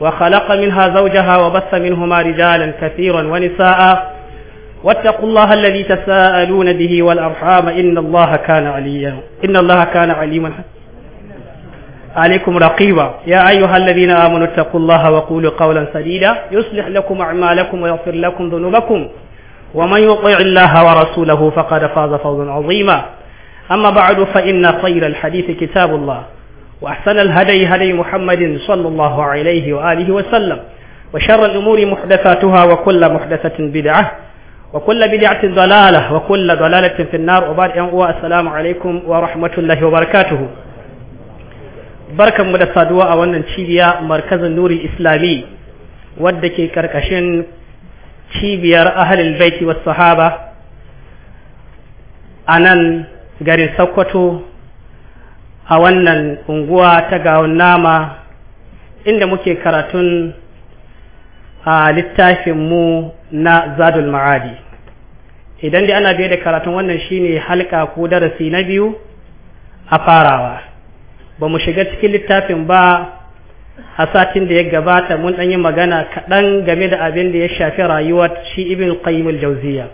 وخلق منها زوجها وبث منهما رجالا كثيرا ونساء واتقوا الله الذي تساءلون به والأرحام إن الله كان عليا إن الله كان عليما عليكم رقيبا يا أيها الذين آمنوا اتقوا الله وقولوا قولا سديدا يصلح لكم أعمالكم ويغفر لكم ذنوبكم ومن يطع الله ورسوله فقد فاز فوزا عظيما أما بعد فإن خير الحديث كتاب الله وأحسن الهدي هدي محمد صلى الله عليه وآله وسلم وشر الأمور محدثاتها وكل محدثة بدعة وكل بدعة ضلالة وكل ضلالة في النار وبعد أن السلام عليكم ورحمة الله وبركاته barkan mu da saduwa a wannan cibiya markazin nuri islami wadda ke karkashin cibiyar ahalil baiti was sahaba a nan garin sokoto a wannan unguwa ta gawon nama inda muke karatun a littafinmu na zadul ma'adi idan dai ana biye da karatun wannan shine halka ko darasi na biyu a farawa ba mu shiga cikin littafin ba a satin da ya gabata mun ɗanyi magana kaɗan game da abin da ya shafi rayuwar shi ibin qayyim jauziya.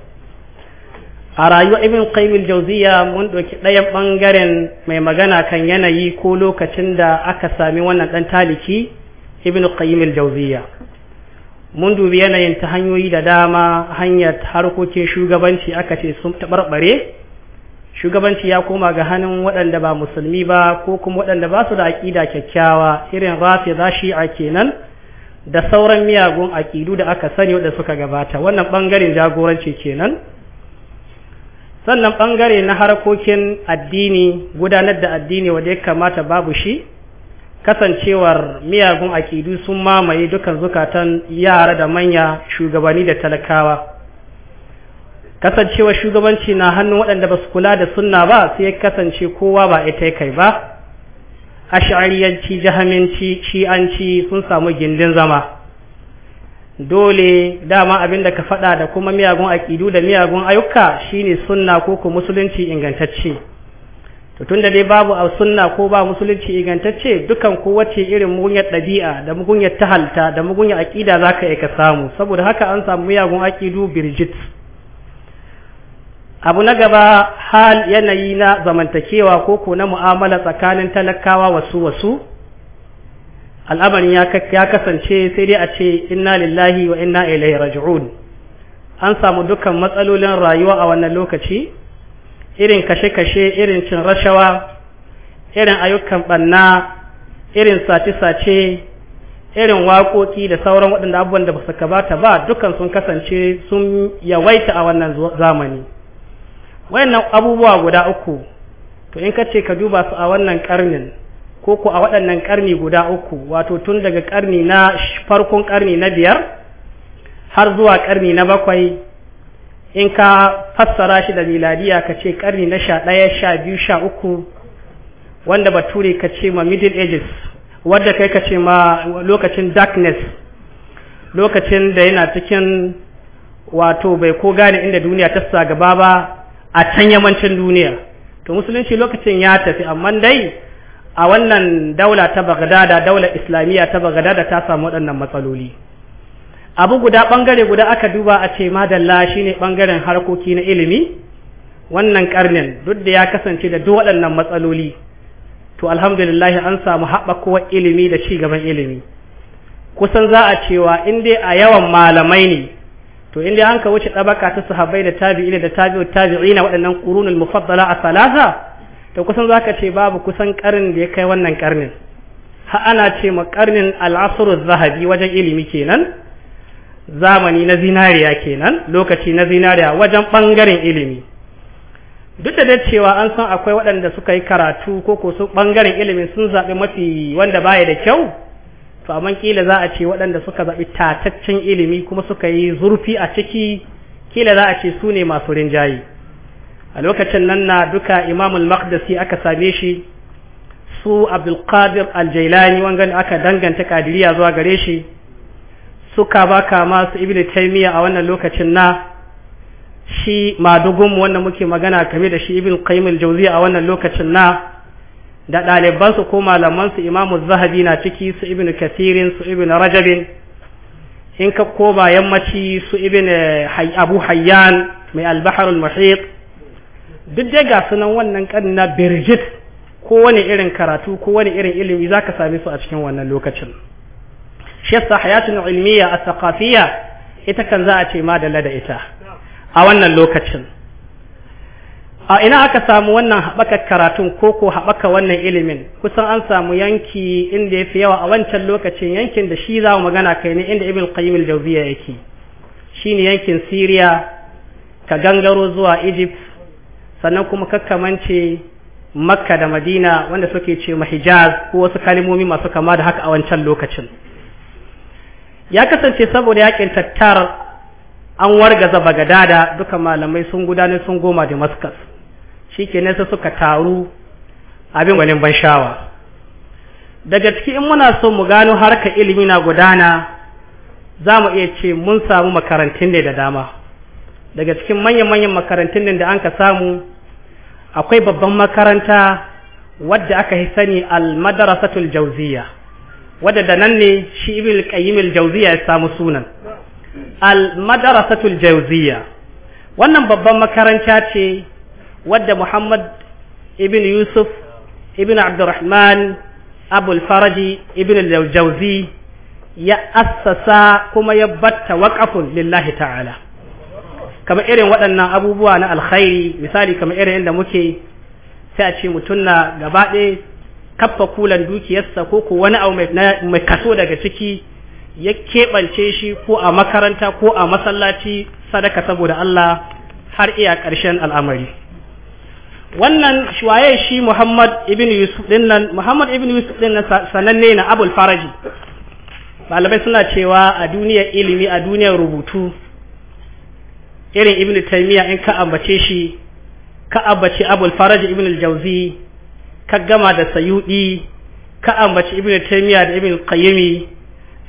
a rayuwa ibn qayyim jauziya mun doki ɗayan ɓangaren mai magana kan yanayi ko lokacin da aka sami wannan ɗan taliki ibn qayyim jauziya mun dubi yanayin ta hanyoyi da dama hanyar harkokin shugabanci aka ce sun taɓarɓare shugabanci ya koma ga hannun waɗanda ba musulmi ba ko kuma waɗanda ba su da aƙida kyakkyawa irin rafi za a kenan da sauran miyagun aƙidu da aka sani waɗanda suka gabata wannan ɓangaren jagoranci kenan sannan ɓangare na harkokin addini gudanar da addini wanda ya kamata babu shi kasancewar miyagun akidu sun mamaye dukan zukatan yara da manya shugabanni da talakawa kasancewar shugabanci na hannun waɗanda ba su kula da sunna ba sai ya kasance kowa ba ita kai ba ash'ariyanci jahaminci shi'anci sun samu gindin zama dole dama abin da ka faɗa da kuma miyagun aƙidu da miyagun ayyuka shine sunna ko ko musulunci ingantacce to tunda dai babu a sunna ko ba musulunci ingantacce dukan ko wace irin mugunyar ɗabi'a da mugunyar tahalta da mugunyar aƙida za ka ka samu saboda haka an samu miyagun aƙidu birjit abu na gaba hal yanayi na zamantakewa ko ko na mu'amala tsakanin talakawa wasu wasu al'amarin ya kasance sai dai a ce inna lillahi wa inna ilaihi raji'un an samu dukkan matsalolin rayuwa a wannan lokaci irin kashe-kashe irin cin rashawa irin ayyukan banna irin sace-sace irin waƙoƙi da sauran waɗanda abubuwan da ba su kabata ba dukkan sun kasance sun yawaita a wannan zamani wayannan abubuwa guda uku to in ka ce ka duba su a wannan karnin ko ko a waɗannan ƙarni guda uku wato tun daga ƙarni na farkon ƙarni na biyar har zuwa ƙarni na bakwai in ka fassara shi da miladiya ka ce ƙarni na sha ɗaya sha biyu sha uku wanda bature ka ce ma middle ages wadda kai ka ce ma lokacin darkness lokacin da yana cikin wato bai ko gane inda duniya ta sa gaba ba a can yamancin duniya to musulunci lokacin ya tafi amma dai a wannan daula ta bagdada daular islamiyya ta bagdada ta samu waɗannan matsaloli abu guda bangare guda aka duba a ce madalla shine bangaren harkoki na ilimi wannan karnin duk da ya kasance da duk waɗannan matsaloli to alhamdulillah an samu haɓakowar ilimi da ci gaban ilimi kusan za a cewa in dai a yawan malamai ne to in dai an ka wuce ɗabaka ta sahabbai da tabi'ina da tabi'u tabi'ina waɗannan qurunul mufaddala a salasa to kusan zaka ce babu kusan karnin da ya kai wannan karnin ha ana ce ma karnin al'asr zahabi wajen ilimi kenan zamani na zinariya kenan lokaci na zinariya wajen bangaren ilimi duk da cewa an san akwai waɗanda suka yi karatu ko ko su bangaren ilimin sun zaɓi mafi wanda baya da kyau to amma kila za a ce waɗanda suka zaɓi tataccen ilimi kuma suka yi zurfi a ciki kila za a ce su ne masu rinjaye a lokacin nan na duka imamul maqdisi aka same shi su Al-Jailani wanda aka danganta kadiriya zuwa gare shi suka baka su Ibnu taimiyya a wannan lokacin na shi madugum wanda muke magana kame da shi Ibnu qayyim al-jawziya a wannan lokacin na da daliban su ko malaman su imamu zahabi na ciki su Ibnu kathirin su Ibnu rajabin in ka koba yammaci su Ibnu abu hayyan mai albahar al-muhit duk dai ga sunan wannan kan na Birgit ko wani irin karatu ko wani irin ilimi zaka same su a cikin wannan lokacin shi yasa hayatun ilmiya a thaqafiyya ita kan za a ce ma da lada ita a wannan lokacin a ina aka samu wannan haɓaka karatun ko ko haɓaka wannan ilimin kusan an samu yanki inda ya fi yawa a wancan lokacin yankin da shi za mu magana kai ne inda ibn qayyim al-jawziya yake shine yankin Syria ka gangaro zuwa Egypt sannan kuma kakkamance makka da madina wanda suke ce mahijaz ko wasu kalimomi masu kama da haka a wancan lokacin ya kasance saboda yakin tattar an wargaza bagadada duka malamai sun gudanar sun goma damascus ke nesa suka taru abin gwanin ban shawa daga ciki in muna so mu gano harka ilimi na gudana za mu iya ce mun samu makarantun ne da dama daga cikin manyan manyan makarantun da an ka samu akwai babban makaranta wadda aka yi sani al-madarasatul jawziya wadda da nan ne shi ibn qayyim al-jawziya ya samu sunan al-madarasatul jawziya wannan babban makaranta ce wadda Muhammad ibn Yusuf ibn Abdurrahman Abul Faraji ibn al-Jawzi ya assasa kuma ya batta waqafun lillahi ta'ala Kama irin waɗannan abubuwa na alkhairi misali kama irin inda muke sai a ce mutum na gaba ɗaya kaffa kulan dukiyarsa ko ko wani abu mai kaso daga ciki ya keɓance shi ko a makaranta ko a masallaci sadaka saboda Allah har iya ƙarshen al'amari wannan shuwaye shi Muhammad ibn Yusuf dinnan Muhammad ibn Yusuf dinnan sananne na Abul Faraji malamai suna cewa a duniyar ilimi a duniyar rubutu irin ibn taymiya in ka ambace shi ka ambace abul faraj ibn al-jawzi ka gama da sayudi ka ambaci ibn taymiya da ibn qayyim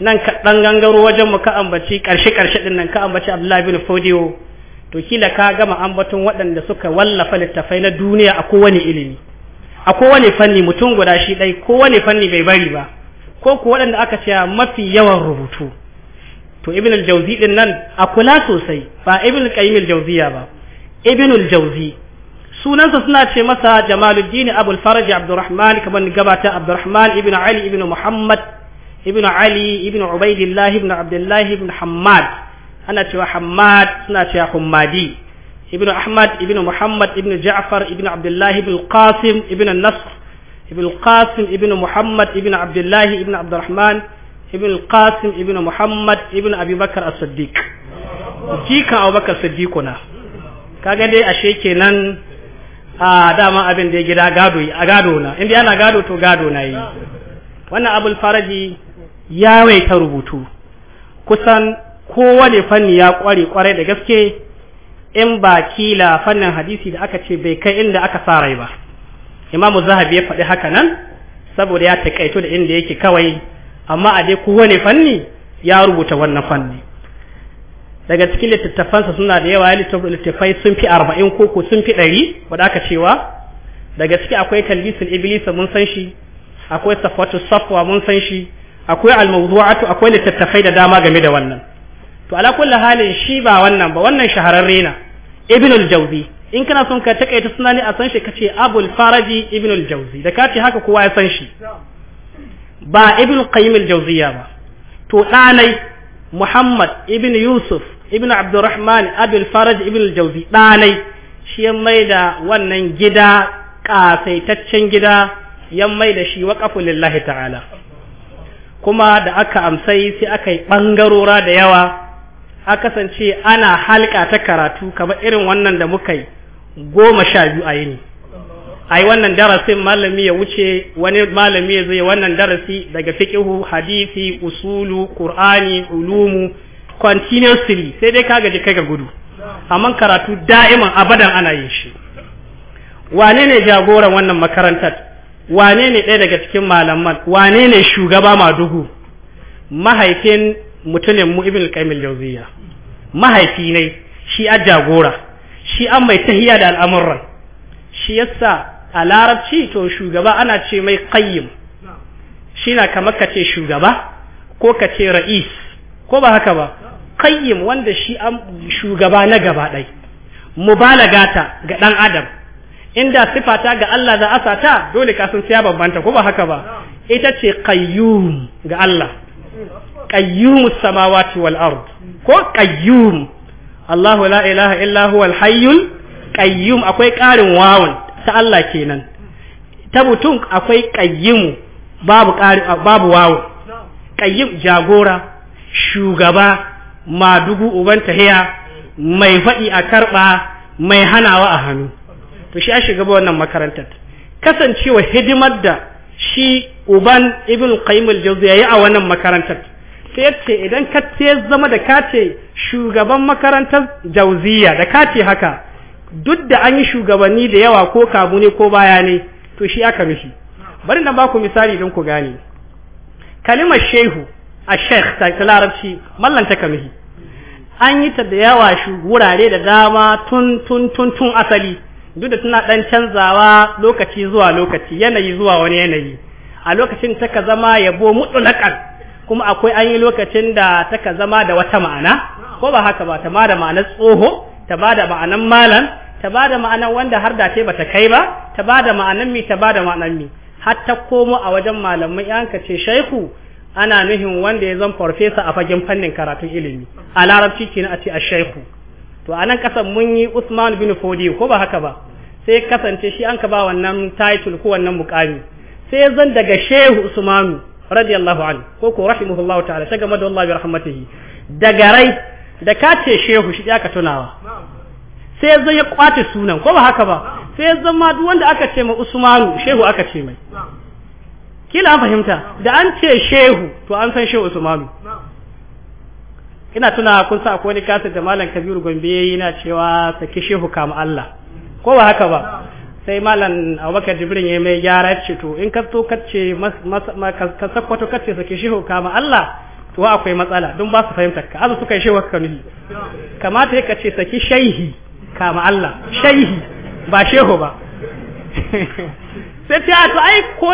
nan ka dan gangaro wajen mu ka ambace karshe karshe din nan ka ambaci abdullahi ibn fodiyo to kila ka gama ambaton waɗanda suka wallafa littafai na duniya a kowane ilimi a kowane fanni mutum guda shi dai kowane fanni bai bari ba ko ku waɗanda aka ce mafi yawan rubutu to ibn al-jawzi din nan a kula sosai ba ibn al-qayyim al-jawziya ba ibn al-jawzi sunansa suna ce masa jamaluddin abul faraj abdurrahman kamar gabata abdurrahman ibn ali ibn muhammad ibn ali ibn ubaidillah ibn abdullah ibn hammad ana cewa hammad suna cewa hummadi ibn ahmad ibn muhammad ibn ja'far ibn abdullah ibn qasim ibn nasr ibn qasim ibn muhammad ibn abdullah ibn abdurrahman ibn qasim ibn muhammad ibn abubakar as-siddiq jikan abubakar siddiqu na kaga dai ashe kenan a dama abin da ya gida gado a gado na inda yana gado to gado na yi wannan abul faraji ya wai ta rubutu kusan kowane fanni ya kware kware da gaske in ba kila fannin hadisi da aka ce bai kai inda aka sarai ba imamu zahabi ya faɗi haka nan saboda ya taƙaito da inda yake kawai amma a dai ne fanni ya rubuta wannan fanni daga cikin littattafansa suna da yawa littattafai sun fi arba'in ko ko sun fi ɗari wadda aka cewa daga ciki akwai talbisul iblis mun san shi akwai safatu safwa mun san shi akwai almawdu'atu akwai littattafai da dama game da wannan to ala kulli halin shi ba wannan ba wannan shahararre na ibnul jawzi in kana son ka takaita suna ne a san shi kace abul faraji ibnul jawzi da kace haka kowa ya san shi ba ibn qayyim al-jawziya ba to ɗanai muhammad ibn yusuf ibn abdurrahman abul faraj ibn al-jawzi ɗanai shi ya mai da wannan gida ƙasaitaccen gida ya mai da shi waqafu lillahi ta'ala kuma da aka amsai sai aka yi ɓangarora da yawa a kasance ana halka ta karatu kamar irin wannan da muka yi goma sha biyu a yini ai wannan darasin malami ya wuce wani malami ya zai wannan darasi daga fiqhu hadisi usulu qur'ani ulumu continuously sai dai ka gaji kai ga gudu amma karatu da'iman abadan ana yin shi wane ne jagoran wannan makarantar wane ne ɗaya daga cikin malaman wane ne shugaba madugu mahaifin mutumin mu ibn qayyim jawziya mahaifi ne shi a jagora shi an mai tahiya da al'amuran shi yasa a larabci to shugaba ana ce mai qayyim shi na kama ka ce shugaba ko ka ce ra'is ko ba haka ba qayyim wanda shi an shugaba na gaba ɗai mubalaga ta ga ɗan adam inda sifata ga Allah za a ta dole ka sun siya babbanta ko ba haka ba ita ce qayyum ga Allah qayyum samawati wal ard ko qayyum Allahu la ilaha illa huwal hayyul qayyum akwai ƙarin wawan. ta Allah kenan ta mutum akwai ƙayyimu babu ƙari babu wawo ƙayyim jagora shugaba madugu uban tahiya mai faɗi a karɓa mai hanawa a hannu to shi a shugaba wannan makarantar kasancewa hidimar da shi uban ibn qayyim al ya yi a wannan makarantar sai yace idan ka ce zama da kace shugaban makarantar jauziya da kace haka duk da an yi shugabanni da yawa ko kamu ne ko baya ne to shi aka rufi bari na baku misali don ku gane kalimar shehu a sheikh ta larabci mallan ta kamihi an yi ta da yawa wurare da dama tun tun tun tun asali duk da tana dan canzawa lokaci zuwa lokaci yanayi zuwa wani yanayi a lokacin ta ka zama yabo mutulakan kuma akwai an yi lokacin da ta ka zama da wata ma'ana ko ba haka ba ta ma da ma'anar tsoho ta ba da ma'anar malam ta ba da ma'anan wanda har da ce bata kai ba ta ba da ma'anan mi ta ba da ma'anan mi har ta komo a wajen malamai yan ka ce shaiku ana nuhin wanda ya zan farfesa a fagen fannin karatun ilimi a larabci kenan a ce a shaiku to a nan kasan mun yi Usman bin Fodi ko ba haka ba sai kasance shi an ka ba wannan title ko wannan mukami sai zan daga Shehu Usmanu radiyallahu anhu ko ko rahimahullahu ta'ala ta game da Allah bi rahmatihi daga rai da ka ce Shehu shi ya ka tunawa sai ya ya kwace sunan ko ba haka ba sai ya zama duk wanda aka ce ma Usmanu shehu aka ce mai kila an fahimta da an ce shehu to an san shehu Usmanu ina tuna kun sa akwai wani kasar da malam Kabiru Gombe yana cewa saki shehu kama Allah ko ba haka ba sai malam Abubakar Jibrin ya mai gyara ce to in ka to ka ce ka sakwato ka ce saki shehu kama Allah to akwai matsala don ba su fahimta ka azu suka yi shehu kamili kamata ka ce saki shaihi kama Allah shehi ba shehu ba sai ta to ai ko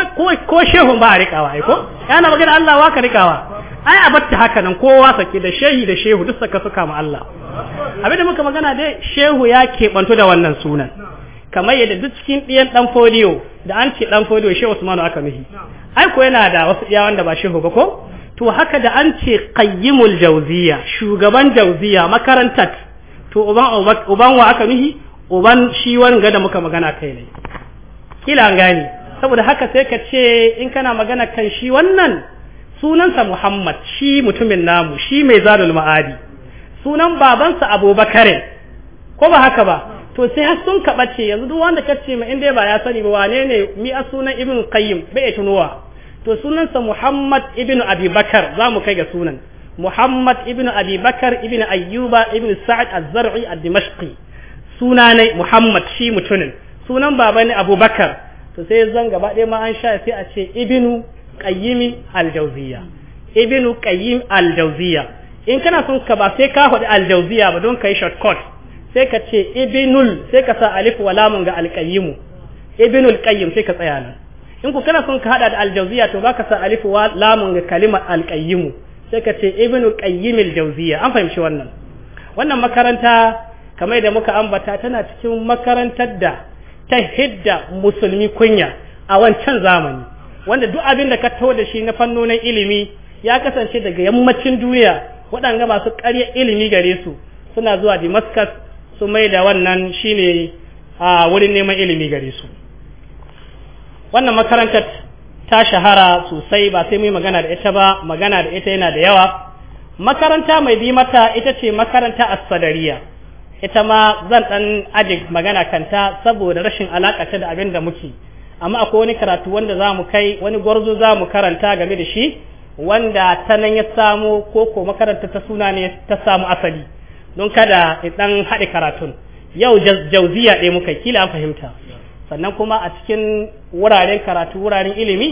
ko shehu ba rikawa ai ko yana magana Allah wa ka rikawa ai a batta haka nan kowa sake da shehi da shehu duk saka suka ma Allah da muka magana dai shehu ya keɓanto da wannan sunan kamar yadda duk cikin ɗiyan ɗan fodiyo da an ce ɗan fodiyo shehu usmanu aka mihi ai ko yana da wasu iya wanda ba shehu ba ko to haka da an ce qayyimul jauziya shugaban jauziya makarantar to uban uban wa aka mihi uban shi wanga da muka magana kai ne kila gani saboda haka sai ka ce in kana magana kan shi wannan sunansa Muhammad shi mutumin namu shi mai zalul ma'adi sunan babansa Abubakarin ko ba haka ba to sai har sun kaɓa ce yanzu duk wanda ka ce ma in ba ya sani ba wane ne mi a sunan ibn qayyim bai tunuwa to sunansa muhammad ibn abubakar za mu kai ga sunan Muhammad ibn Abi Bakar ibn Ayyuba ibn Sa'ad az-Zar'i ad-Dimashqi sunanai Muhammad shi mutumin sunan baba ne Abu Bakar to sai zan gaba ɗaya ma an sha sai a ce ibnu qayyim al-jawziya ibnu qayyim al-jawziya in kana son ka ba sai ka faɗi al-jawziya ba don kai shortcut sai ka ce ibnul sai ka sa alif wa lam ga al-qayyim ibnul qayyim sai ka tsaya nan in ku kana son ka hada da al-jawziya to ba ka sa alif wa lam ga kalimar al-qayyim sai ka ce ibnu qayyimil jawziya an fahimci wannan wannan makaranta kamar da muka ambata tana cikin makarantar da ta hidda musulmi kunya a wancan zamani wanda duk abin da ka taho da shi na fannonin ilimi ya kasance daga yammacin duniya waɗanda masu ƙarya ilimi gare su suna zuwa Damascus su mai da wannan shine a wurin neman ilimi gare su wannan makarantar ta shahara sosai ba sai mu yi magana da ita ba magana da ita yana da yawa makaranta mai bi mata ita ce makaranta asfadariya ita ma zan dan aje magana kanta saboda rashin alaka ta da abin da muke amma akwai wani karatu wanda za mu kai wani gwarzo za mu karanta game da shi wanda ta nan ya samu ko ko makaranta ta suna ne ta samu asali don kada in dan haɗe karatun yau jauziya ɗaya muka kila an fahimta sannan kuma a cikin wuraren karatu wuraren ilimi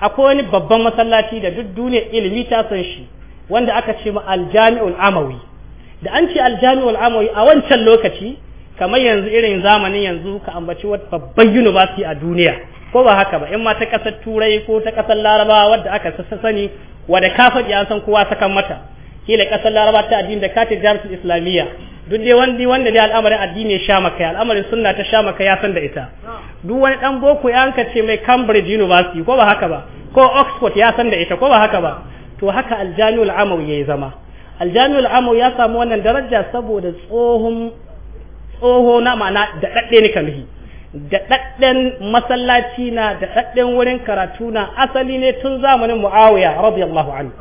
akwai wani babban masallaci da duk duniyar ilimi ta san shi wanda aka ce ma aljami'ul amawi da an ce aljami'ul amawi a wancan lokaci kamar yanzu irin zamanin yanzu ka ambaci wata babban university a duniya ko ba haka ba in ma ta kasar turai ko ta kasar larabawa wadda aka sani wadda kafa ya san kowa sakan mata kila kasar laraba ta addini da kace jami'ul islamiyya duk dai wani wanda dai al'amarin addini ya sha maka al'amarin sunna ta sha maka ya san da ita duk wani dan boko ya anka ce mai Cambridge University ko ba haka ba ko Oxford ya san da ita ko ba haka ba to haka aljami'ul amawi yi zama aljami'ul amawi ya samu wannan daraja saboda tsohon tsoho na ma'ana da dadde ne kamihi da dadden masallaci na da dadden wurin karatu na asali ne tun zamanin Muawiya radiyallahu anhu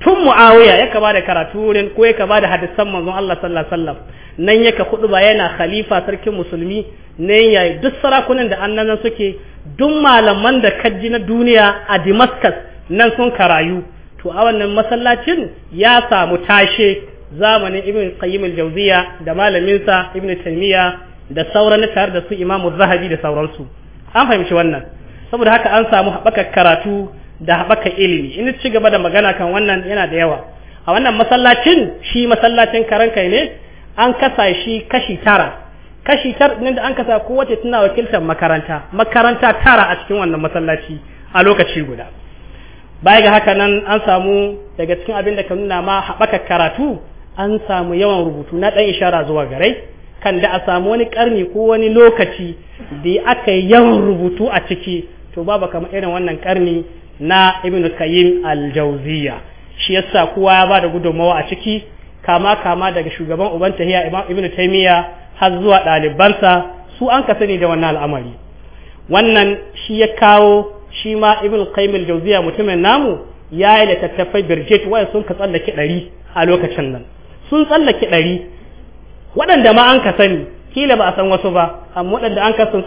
tun muawiya ya kaba da karatu wurin ko ya kaba da hadisan manzon Allah sallallahu alaihi wasallam nan yaka ba yana khalifa sarkin musulmi nan yayi duk sarakunan da annanan suke duk malaman da kaji na duniya a Damascus nan sun karayu to a wannan masallacin ya samu tashe zamanin Ibn Qayyim al-Jawziya da malamin sa Ibn Taymiya da sauran tare da su Imam Zahabi da sauransu an fahimci wannan saboda haka an samu haɓakar karatu da haɓaka ilimi in ci gaba da magana kan wannan yana da yawa a wannan masallacin shi masallacin karan kai ne an kasa shi kashi tara kashi tar da an kasa kowace tana wakiltar makaranta makaranta tara a cikin wannan masallaci a lokaci guda baya ga haka nan an samu daga cikin abin da ka nuna ma haɓaka karatu an samu yawan rubutu na ɗan ishara zuwa garai kan da a samu wani ƙarni ko wani lokaci da aka yi yawan rubutu a ciki to babu kamar irin wannan ƙarni na ibn qayyim al-jawziya shi yasa kowa ya ba da gudummawa a ciki kama kama daga shugaban uban tahiya ibn taymiya har zuwa ɗalibansa su an sani da wannan al'amari wannan shi ya kawo shi ma ibn qayyim al-jawziya mutumin namu ya yi littattafai birjit waya sun ka tsallake ɗari a lokacin nan sun tsallake ɗari waɗanda ma an ka sani kila ba a san wasu ba amma waɗanda an ka sun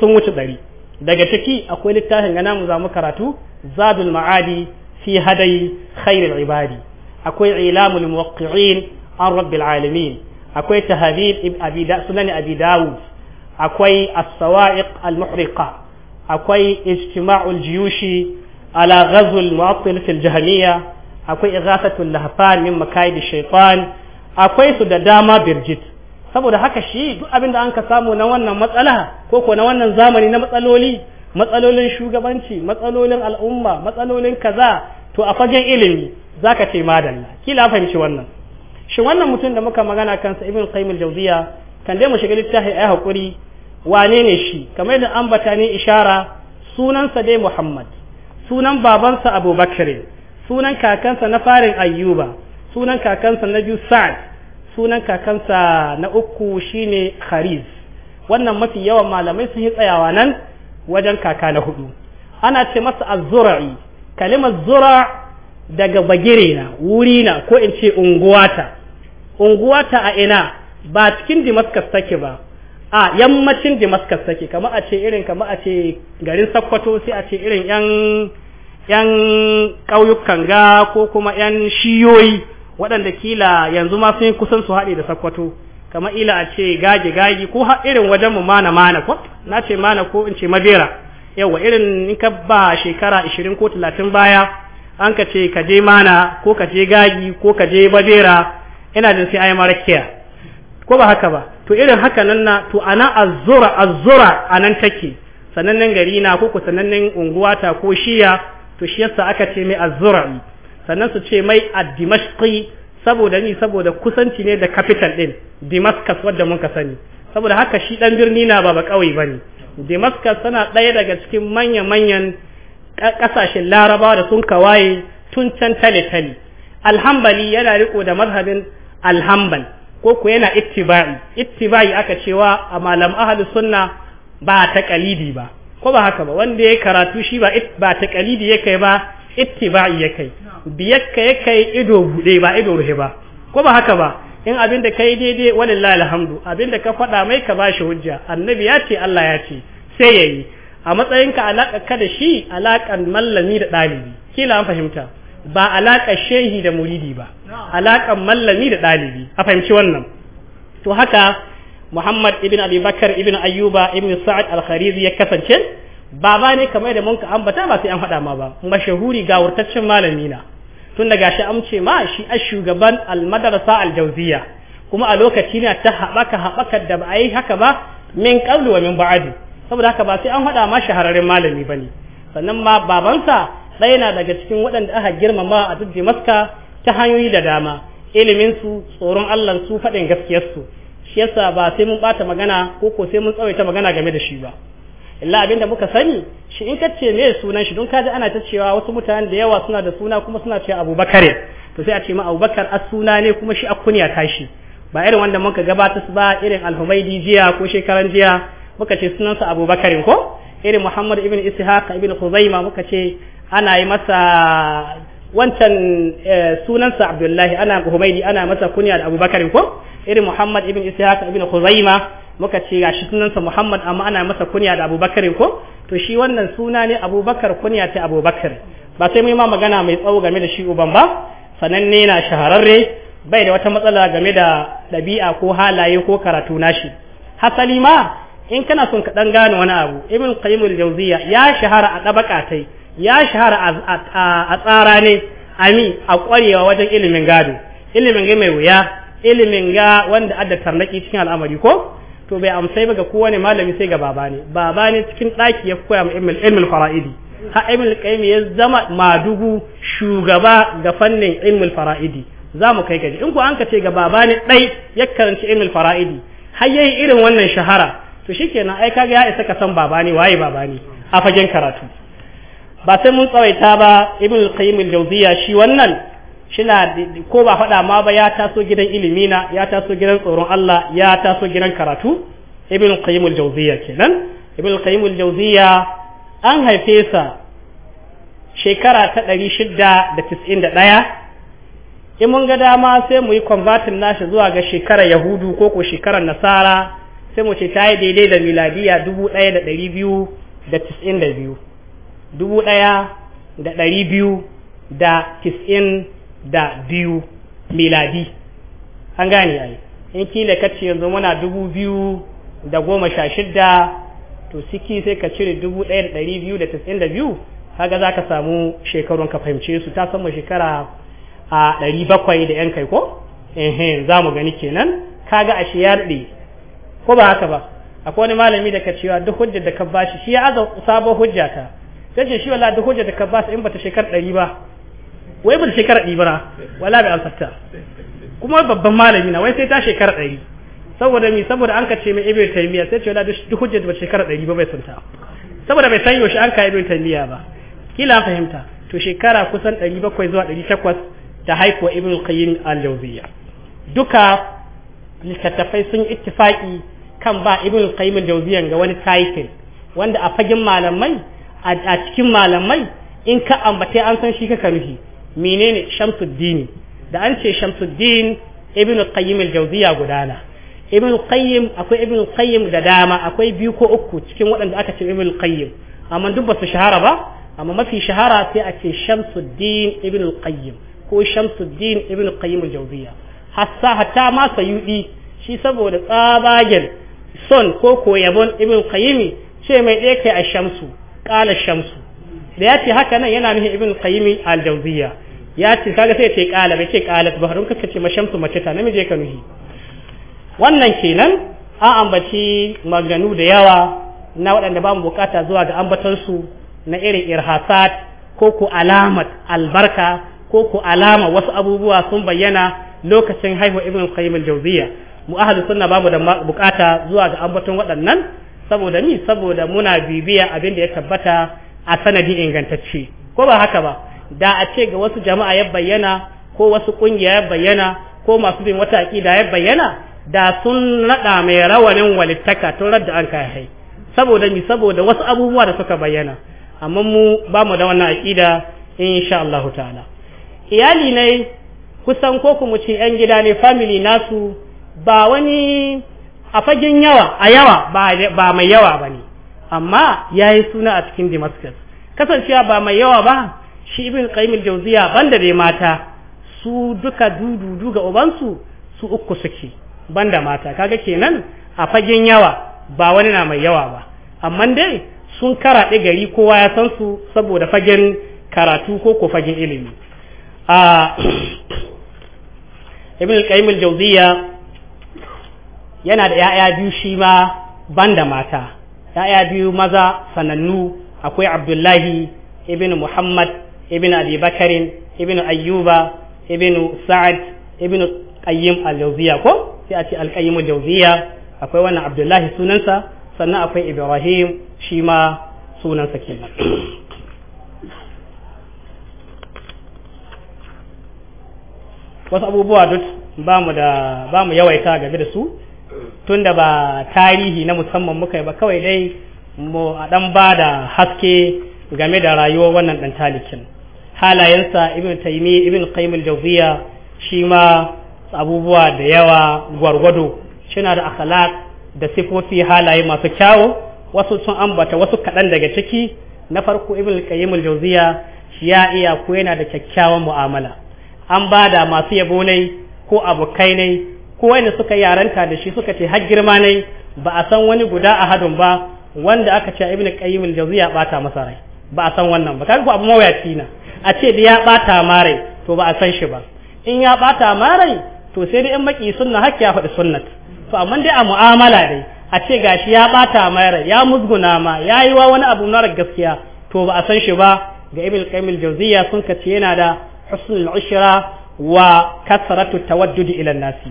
sun wuce ɗari daga ciki akwai littafin ga namu za mu karatu zadul ma'adi fi hadai khairul ibadi akwai ilamul muwaqqi'in an rabbil alamin akwai tahdhib abi sunan abi dawud akwai as-sawa'iq al-muhriqa akwai ijtima'ul jiyushi ala ghazwil mu'attil fil jahmiya akwai ighathatul lahfan min makaid shaytan akwai su da dama birjit saboda haka shi duk abinda an ka samu na wannan matsala ko ko na wannan zamani na matsaloli matsalolin shugabanci matsalolin al'umma matsalolin kaza to a fagen ilimi zaka ce madalla kila fahimci wannan shi wannan mutum da muka magana kansa ibn qayyim al-jawziya kan dai mu shiga littafi ai hakuri wane ne shi kamar da ambata ne ishara sunansa dai muhammad sunan babansa abubakar sunan kakansa na farin ayyuba sunan kakansa na biyu sa'ad sunan kakansa na uku shine khariz wannan mafi yawan malamai sun yi tsayawa nan wajen kaka na hudu ana ce masa azura'i zurai kalimar zura daga bagire na wuri na ko in ce unguwata unguwata a ina ba cikin Damascus take ba a yammacin Damascus take kama a ce irin kama a ce garin Sakkwato sai a ce irin yan yan ƙauyukan ga ko kuma yan shiyoyi waɗanda kila yanzu ma sun kusan su haɗe da Sakkwato. kama ila a ce gage gage ko har irin wajen mu mana mana ko na ce mana ko in ce madera yawa irin in ka ba shekara 20 ko 30 baya an ka ce ka je mana ko ka je gagi ko ka je madera ina jin sai ayi marakiya ko ba haka ba to irin haka nan na to ana azzura azzura anan take sanannen gari na ko sanannen unguwa ta ko shiya to shi yasa aka ce mai azzura sannan su ce mai ad-dimashqi saboda ni saboda kusanci ne da capital din Damascus wadda muka sani saboda haka shi dan birni na baba ba kauye bane Damascus tana ɗaya daga cikin manya-manyan ƙasashen Larabawa da sun kawaye tun can tale-tale alhambali yana riko da mazhabin alhambal ko ku yana ittiba'i ittiba'i aka cewa a malam ahli sunna ba ta kalidi ba ko ba haka ba wanda ya karatu shi ba ba ta kalidi ya ba ittiba'i ya biyakka ya kai ido buɗe ba ido ruhe ba ko ba haka ba in abin da kai daidai walillahi alhamdu abin da ka faɗa mai ka bashi hujja annabi ya ce Allah ya ce sai yayi a matsayin ka alaka ka da shi alakan mallami da ɗalibi kila an fahimta ba alaka shehi da muridi ba alakan mallami da ɗalibi a fahimci wannan to haka Muhammad ibn Abi Bakar ibn Ayyuba ibn Sa'ad al-Kharizi ya kasance baba ne kamar da mun ka ambata ba sai an faɗa ma ba mashahuri ga wurtaccen malami na tun da gashi an ce ma shi a shugaban almadarasa aljauziya kuma a lokaci ne ta haɓaka haɓakar da ba a yi haka ba min ƙablu wa min ba'adu saboda haka ba sai an faɗa ma shahararren malami ba ne sannan ma babansa ɗaya na daga cikin waɗanda aka girmama a duk maska ta hanyoyi da dama ilimin su tsoron Allah su faɗin gaskiyarsu shi yasa ba sai mun bata magana ko ko sai mun tsawaita magana game da shi ba illa abinda muka sani shi in ce me sunan shi don kaji ana ta cewa wasu mutanen da yawa suna da suna kuma suna cewa Abubakar to sai a ce ma Abubakar as suna ne kuma shi kunya tashi ba irin wanda muka gabata su ba irin Al-Humaydi jiya ko shekaran jiya muka ce sunansa Abubakar ko irin Muhammad ibn Ishaq ibn Khuzaima muka ce ana yi masa wancan eh, sunansa Abdullahi ana Humaydi ana masa kunya da Abubakar ko irin Muhammad ibn Ishaq ibn Khuzaima muka ce ga shi sunansa Muhammad amma ana masa kunya da Abubakar ko to shi wannan suna ne Abubakar kunya ta Abubakar ba sai mai ma magana mai tsawo game da shi uban ba sananne na shahararre bai da wata matsala game da ɗabi'a ko halaye ko karatu na shi hasali ma in kana son ka dan gane wani abu ibn qayyim al-jawziya ya shahara a dabaka tai ya shahara a tsara ne ami a kwarewa wajen ilimin gado ilimin ga mai wuya ilimin ga wanda adda tarnaki cikin al'amari ko to bai amsai ba ga kowane malami sai ga baba ne baba ne cikin ɗaki ya koya ma ilmul fara'idi ha ilmul qayyim ya zama madugu shugaba ga fannin ilmul fara'idi za mu kai gaji in ku an ka ce ga baba ne ɗai ya karanci ilmul fara'idi har yayi irin wannan shahara to shikenan ai kaga ya isa ka san baba ne waye baba ne a fagen karatu ba sai mun tsawaita ba ibn qayyim al-jawziya shi wannan shina ko ba faɗa ma ba ya taso gidan ilimi na ya taso gidan tsoron Allah ya taso gidan karatu ibn qayyim al-jawziyya kenan ibn qayyim al-jawziyya an haife sa shekara ta 691 in mun ga dama sai mu yi convertin nashi zuwa ga shekarar yahudu ko ko shekarar nasara sai mu ce ta yi daidai da miladiya 1292 1292 da biyu miladi an gane ai in ki da ce yanzu muna dubu biyu da goma sha to siki sai ka cire dubu ɗaya da ɗari biyu da tasa'in da biyu kaga za ka samu shekarun ka fahimce su ta samu shekara a ɗari bakwai da yan kai ko ehem za mu gani kenan kaga a shiyar ɗi ko ba haka ba akwai wani malami da ka cewa duk hujjar da ka bashi shi ya aza sabon hujja ta ce shi wala duk hujjar da ka bashi in bata shekar ɗari ba wai ba shekara ɗi bara wala bai alfatta kuma babban malami na wai sai ta shekara ɗari saboda mi saboda an kace mai ibn taymiya sai ce wala duk hujjar ba shekara ɗari ba bai sunta saboda bai san yaushe an ka ibn taymiya ba kila fahimta to shekara kusan ɗari bakwai zuwa ɗari takwas ta haifuwa ibn qayyim al-jawziyya duka littattafai sun ittifaki kan ba ibn qayyim al-jawziyya ga wani title wanda a fagen malamai a cikin malamai in ka ambata an san shi ka karuhi menene shamsuddin da an ce shamsuddin ibn qayyim al-jawziya gudana ibn qayyim akwai ibn qayyim da dama akwai biyu ko uku cikin waɗanda aka ce ibn qayyim amma duk ba su shahara ba amma mafi shahara sai a ce shamsuddin ibn qayyim ko shamsuddin ibn qayyim al-jawziya hassa hatta ma sayudi shi saboda tsabagen son ko koyabon ibn qayyim ce mai ɗaya kai a shamsu ƙala shamsu da ya ce haka nan yana nufin ibn qayyim al-jawziya ya ce kaga sai ce qala bai ce qalat ba harun ce mashamsu mace ta namiji ka nuhi wannan kenan an ambaci maganu da yawa na waɗanda ba mu bukata zuwa ga ambatansu na irin irhasat ko ku alamat albarka ko ku alama wasu abubuwa sun bayyana lokacin haihuwar ibn qayyim al-jawziya mu ahlu sunna ba mu da bukata zuwa ga ambaton waɗannan saboda ni saboda muna bibiya abin da ya tabbata a sanadin ingantacce ko ba haka ba da a ce ga wasu jama'a ya bayyana ko wasu kungiya ya bayyana ko masu bin wata aƙida ya bayyana da sun naɗa mai rawanin walittaka tun radda an kai hai saboda mi saboda wasu abubuwa da suka bayyana amma mu ba mu da wannan aƙida insha Allah ta'ala iyali ne kusan ko kuma ce yan gida ne family nasu ba wani a fagen yawa a yawa ba mai yawa ba ne. amma ya yi suna a cikin Damascus kasancewa ba mai yawa ba shi ibn kaimin jauziya ban banda dai mata su duka dududu ga ubansu su uku suke banda mata kaga kenan a fagen yawa ba wani na mai yawa ba amma dai sun karaɗe gari kowa ya san su saboda fagen karatu ko ko fagen ilimi a ibn al-qayyim yana da 'ya'ya biyu shi ma banda mata ya'ya biyu maza sanannu akwai abdullahi ibn muhammad ibn abi bakarin ibn ayyuba ibn sa'ad ibn qayyim al-jawziya ko sai a ce al-qayyim al-jawziya akwai wannan abdullahi sunansa sannan akwai ibrahim shi ma sunansa kenan wasu abubuwa duk ba mu yawaita game da su tunda ba tarihi na musamman muka yi ba kawai dai mu a dan ba da haske game da rayuwar wannan dan talikin halayensa ibn taimi ibn qayyim al-jawziya shi ma abubuwa da yawa gwargwado suna da akhlaq da sifofi halaye masu kyawu wasu sun ambata wasu kaɗan daga ciki na farko ibn qayyim al-jawziya shi ya iya ko yana da kyakkyawan mu'amala an ba da masu yabo ne ko abokai ne ko wanda suka yaranta da shi suka ce har girma ne ba a san wani guda a ahadun ba wanda aka ce ibn qayyim al-jawziya bata masa rai ba a san wannan ba kaga ko abu mawuyaci na a ce da ya bata ma rai to ba a san shi ba in ya bata ma rai to sai dai in maki sunna hakki ya faɗi sunnat to amma dai a mu'amala dai a ce gashi ya bata ma rai ya musguna ma ya yi wa wani abu na gaskiya to ba a san shi ba ga ibn qayyim al-jawziya sun kace yana da husnul ushra wa kasratu tawaddudi ila nasi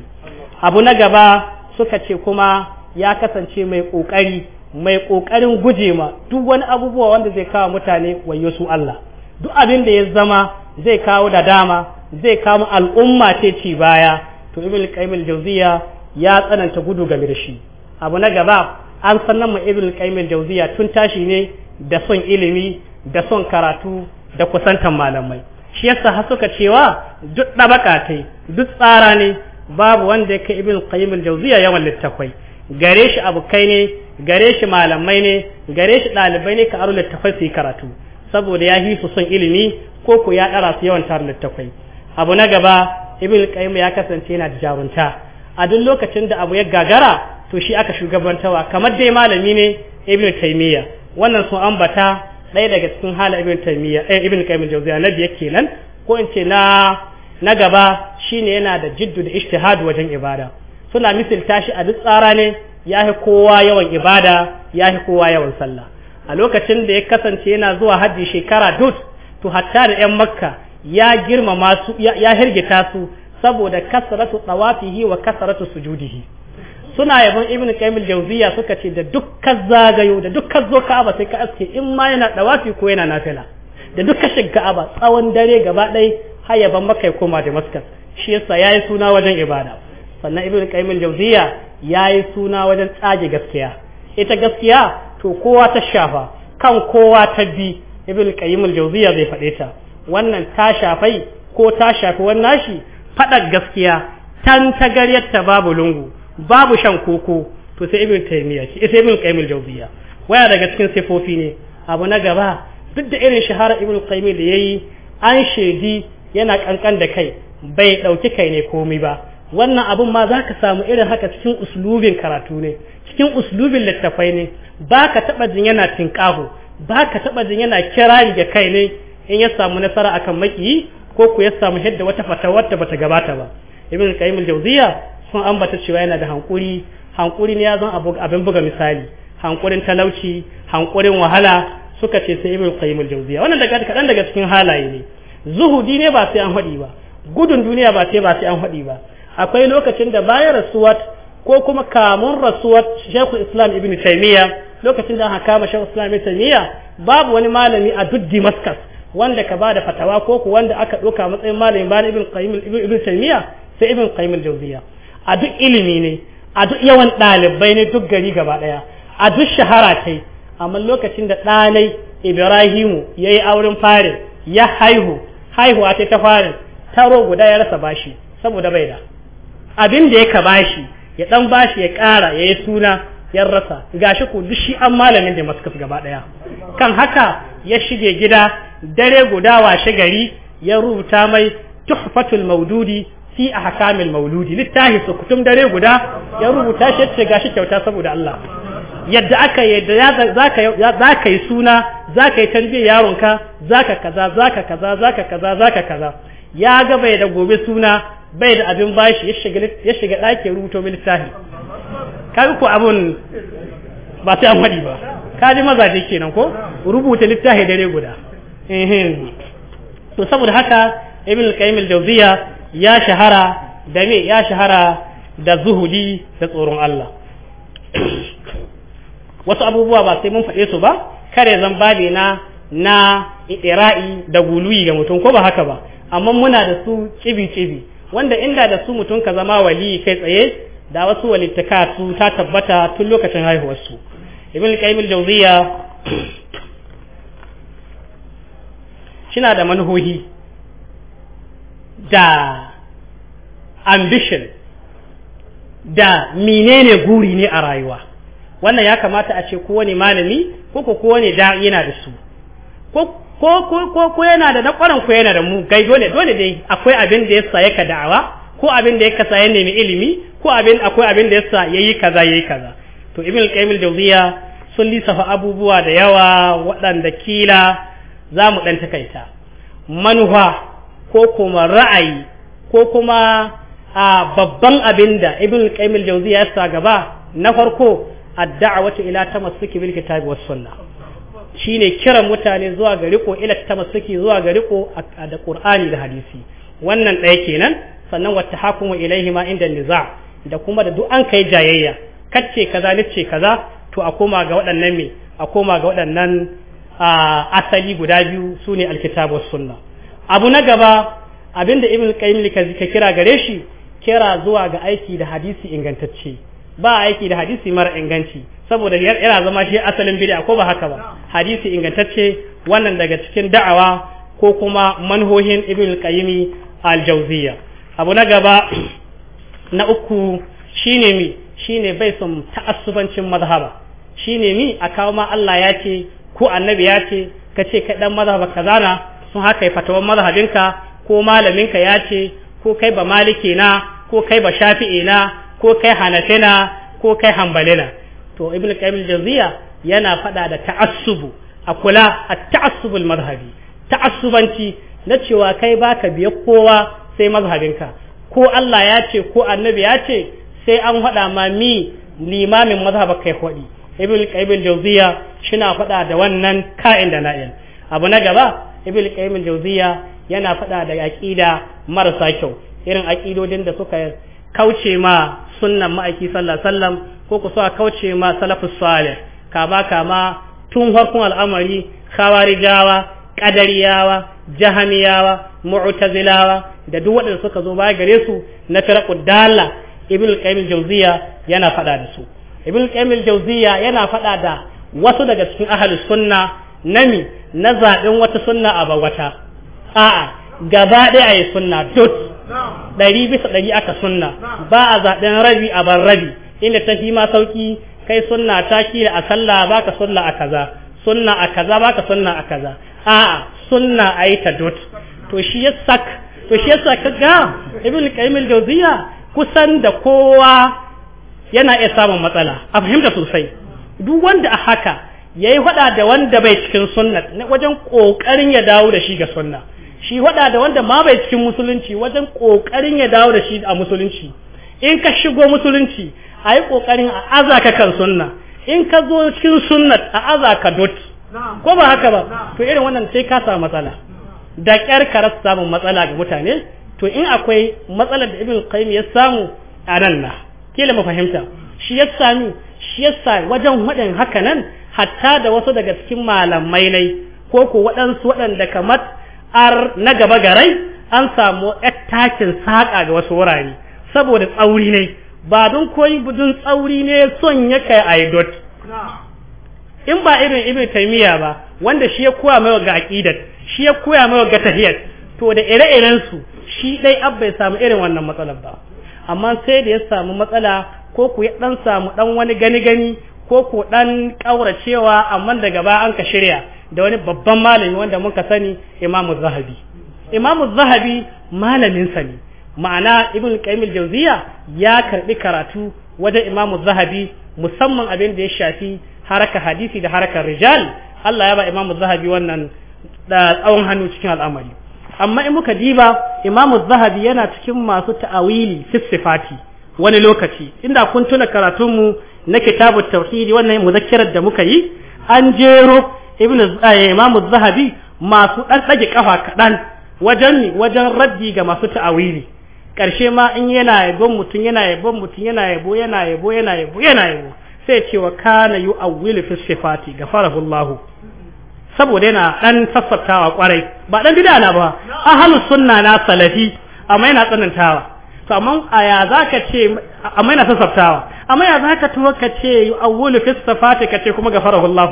abu na gaba suka ce kuma ya kasance mai ƙoƙari mai ƙoƙarin guje ma duk wani abubuwa wanda zai kawo mutane wayo su Allah duk abin da ya zama zai kawo da dama zai kawo al'umma ce ci baya to ibn qayyim al ya tsananta gudu game da shi abu na gaba an san nan ma ibn qayyim al tun tashi ne da son ilimi da son karatu da kusantan malamai shi yasa har suka cewa duk dabaka duk tsara ne babu wanda yake ibn qayyim al-jawziya yawan littafai gare shi abukai ne gare shi malamai ne gare shi dalibai ne ka aro littafai su yi karatu saboda ya hisu son ilimi ko ko ya dara su yawan tar littafai abu na gaba ibn qayyim ya kasance yana da jarunta a duk lokacin da abu ya gagara to shi aka shugabantawa kamar dai malami ne ibn taymiya wannan sun ambata ɗaya daga cikin hala ibn taymiya eh ibn qayyim al-jawziya na biye kenan ko in ce na na gaba shine yana da jiddu da ijtihad wajen ibada suna misilta shi a duk tsara ne yahi kowa yawan ibada yahi kowa yawan sallah a lokacin da ya kasance yana zuwa hajji shekara dut to hatta da yan makka ya girmama su ya hirgita su saboda kasratu tawafihi wa kasratu sujudihi suna yabon ibn qayyim suka ce da dukkan zagayo da dukkan zo ka'aba sai ka aske in ma yana dawafi ko yana nafila da dukkan shiga ka'aba tsawon dare gaba ɗaya har yaban maka ya koma damascus shi yasa yayi suna wajen ibada sannan ibnu qayyim jawziya yayi suna wajen tsage gaskiya ita gaskiya to kowa ta shafa kan kowa ta bi ibnu qayyim jawziya zai faɗe ta wannan ta shafai ko ta shafi wannan shi faɗar gaskiya tan ta garyarta babu lungu babu shan koko to sai ibnu taymiya shi sai ibnu qayyim jawziya waya daga cikin sifofi ne abu na gaba duk da irin shahara ibnu qayyim da yayi an shaidi yana ƙanƙan da kai bai ɗauki kai ne komai ba wannan abun ma za ka samu irin haka cikin uslubin karatu ne cikin uslubin littafai ne ba ka taɓa jin yana tinƙaho ba ka taɓa jin yana kirari ga kai ne in ya samu nasara akan makiyi ko ku ya samu yadda wata fatawar da bata gabata ba ibn qayyim al-jawziya sun ambata cewa yana da hankuri hankuri ne ya zan abin buga misali hankurin talauci hankurin wahala suka ce sai ibn qayyim al-jawziya wannan daga kadan daga cikin halaye ne zuhudi ne ba sai an haɗi ba gudun duniya ba sai ba sai an haɗi ba akwai lokacin da bayan rasuwar ko kuma kamun rasuwar shekul islam ibn taimiyya lokacin da aka kama shekul islam ibn taimiyya babu wani malami a duk damascus wanda ka ba da fatawa ko ku wanda aka ɗauka matsayin malami bayan ibn qayyim ibn sai ibn qayyim al a duk ilimi ne a duk yawan ɗalibai ne duk gari gaba ɗaya a duk shahara kai amma lokacin da ɗanai ibrahimu ya yi auren fare ya haihu haihuwa ta ta fara taro guda ya rasa bashi saboda bai da abin da ya ka bashi ya dan bashi ya kara ya yi suna ya rasa gashi ko duk shi an malamin da maskas gaba daya kan haka ya shige gida dare guda washe gari ya rubuta mai tuhfatul maududi fi ahkamil mauludi littahi su kutum dare guda ya rubuta shi ce gashi kyauta saboda Allah yadda aka yadda za ka yi suna za ka yi tarbiyyar yaronka za ka kaza za ka kaza za ka kaza za ka kaza ya ga bai da gobe suna bai da abin bashi ya shiga ɗakin rubuto milisahi ka ko abun ba sai an faɗi ba ka ji ke nan ko rubuta littafi dare guda to saboda haka ibn al-qayyim ya shahara da me ya shahara da zuhudi da tsoron Allah wasu abubuwa ba sai mun faɗe su ba kare zan bade na na ira'i da guluyi ga mutum ko ba haka ba amma muna da su cibi cibi wanda inda da su mutum ka zama wali kai tsaye da wasu walittaka su ta tabbata tun lokacin haihuwarsu ibn qayyim jawziya shina da manhohi da ambition da menene guri ne a rayuwa wannan ya kamata a ce kowane malami ko ko kowane da yana da su ko ko ko ko yana da na kwaran ko yana da mu gai dole dole dai akwai abin da yasa ka da'awa ko abin da sa ya nemi ilimi ko abin akwai abin da yasa yayi kaza yayi kaza to ibn al-qayyim al-jawziya sun lissafa abubuwa da yawa waɗanda kila za mu ɗan takaita manuwa ko kuma ra'ayi ko kuma a babban abin da ibn al-qayyim al-jawziya ya sa gaba na farko ad-da'watu ila tamassuki bil kitabi was sunnah shine kiran mutane zuwa ga riko ila tamassuki zuwa ga riko da Qur'ani da hadisi wannan ɗaya kenan sannan wata tahakumu ilaihi ma inda niza da kuma da duk an kai jayayya kacce kaza nice kaza to a koma ga waɗannan me a koma ga waɗannan asali guda biyu sune alkitabu sunna abu na gaba abinda ibn qayyim ka kira gare shi kira zuwa ga aiki da hadisi ingantacce ba a aiki da hadisi mara inganci saboda yana zama shi asalin bid'a ko ba haka ba hadisi ingantacce wannan daga cikin da'awa ko kuma manhohin ibn al-qayyim al-jawziyya abu na gaba na uku shine mi shine bai son ta'assubancin mazhaba shine mi a kawo ma Allah ya ce ko annabi ya ce ka ce kai dan mazhaba kazana sun haka fatawan mazhabinka ko malaminka ya ce ko kai ba maliki na ko kai ba shafi'i na ko kai Hanatena ko kai hambalina to ibn qayyim jaziya yana fada da ta'assubu a kula a ta'assubul mazhabi ta'assubanci na cewa kai baka biya kowa sai mazhabinka ko Allah ya ce ko annabi ya ce sai an faɗa ma mi limamin mazhabar kai faɗi ibn qayyim jaziya shina faɗa da wannan ka'in da na'in abu na gaba ibn qayyim jaziya yana faɗa da aqida marasa kyau irin aqidodin da suka kauce ma sunnan ma'aiki sallallahu sallam ko ku sa kauce ma salafus salih kama kama tun farkon al'amari khawarijawa qadariyawa jahamiyawa mu'tazilawa da duk waɗanda suka zo baya gare su na firaqud dalla ibnu qayyim jawziya yana fada da su ibnu qayyim jawziya yana fada da wasu daga cikin ahlus sunna nami na zaben wata sunna a bawata a'a gaba ɗaya yi sunna duk ɗari bisa ɗari aka sunna ba a zaɓen rabi a bar rabi inda ta fi ma sauki kai sunna ta kila a sallah ba ka sunna a kaza sunna a kaza ba ka sunna a kaza a'a sunna a yi ta dot to shi ya sak to shi ya sak ga ibn kusan da kowa yana iya samun matsala a fahimta sosai duk wanda a haka yayi hada da wanda bai cikin sunna wajen kokarin ya dawo da shi ga sunna shi hada da wanda ma bai cikin musulunci wajen kokarin ya dawo da shi a musulunci in ka shigo musulunci a yi kokarin a azaka kan sunna in ka zo cikin sunnat a azaka dot ko ba haka ba to irin wannan sai ka samu matsala da kyar ka rasa samun matsala ga mutane to in akwai matsalar da ibn qayyim ya samu a nan na kila mu fahimta shi ya sami shi ya sami wajen wadan haka nan hatta da wasu daga cikin malamai ne ko ko waɗansu waɗanda kamar ar na gaba garai an samu takin saƙa ga wasu wurare saboda tsauri ne ba don koyi budun tsauri ne son ya kai dot. in ba irin ibn taimiyya ba wanda shi ya koya mai ga aqidat shi ya koya mai ga tahiyat to da ire-iren su shi dai abba ya samu irin wannan matsalar ba amma sai da ya samu matsala ko ku ya dan samu dan wani gani gani ko ku dan cewa, amma daga ba an ka shirya da wani babban malami wanda muka sani imamu zahabi imamu zahabi malamin ne ma'ana ibn qayyim al-jawziya ya karbi karatu wajen imamu zahabi musamman abin da ya shafi haraka hadisi da haraka rijal Allah ya ba imamu zahabi wannan da tsawon hannu cikin al'amari amma in muka diba imamu zahabi yana cikin masu ta'awili sifsifati wani lokaci inda kun tuna karatunmu na kitabu tauhidi wannan muzakkirar da muka yi an jero ibn eh, imamu zahabi masu dan dage kafa kadan wajen wajen raddi ga masu ta'awili karshe ma in yana yabon mutum yana yabon mutum yana yabo yana yabo yana yabo yana yabo sai ce wa kana awwilu fi sifati ghafarahu Allah saboda yana dan sassaftawa kwarai ba dan bid'a na ba ahlu sunna na salafi amma yana tsanantawa to amma aya zaka ce amma yana sassaftawa amma ya zaka tuwa ka ce awwilu fi sifati ka ce kuma ghafarahu Allah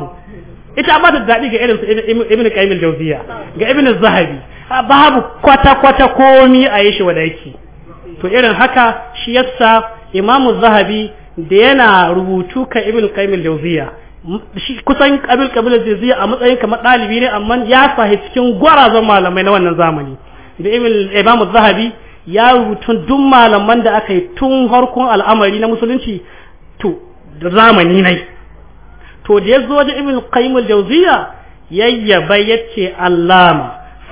ita ba ta daɗi ga irin su ibn qayyim al-jawziya ga ibn az-zahabi babu kwata kwata komi a yi shi wadaiki to irin haka shi yasa imam az-zahabi da yana rubutu ka ibn qayyim al-jawziya shi kusan qabil qabil al-jawziya a matsayin kamar ɗalibi ne amma ya sahi cikin gwarazan malamai na wannan zamani da imam az-zahabi ya rubutu duk malaman da aka yi tun harkon al'amari na musulunci to zamani ne to da yazo wajen ibn qayyim al-jawziya yayyaba yace allama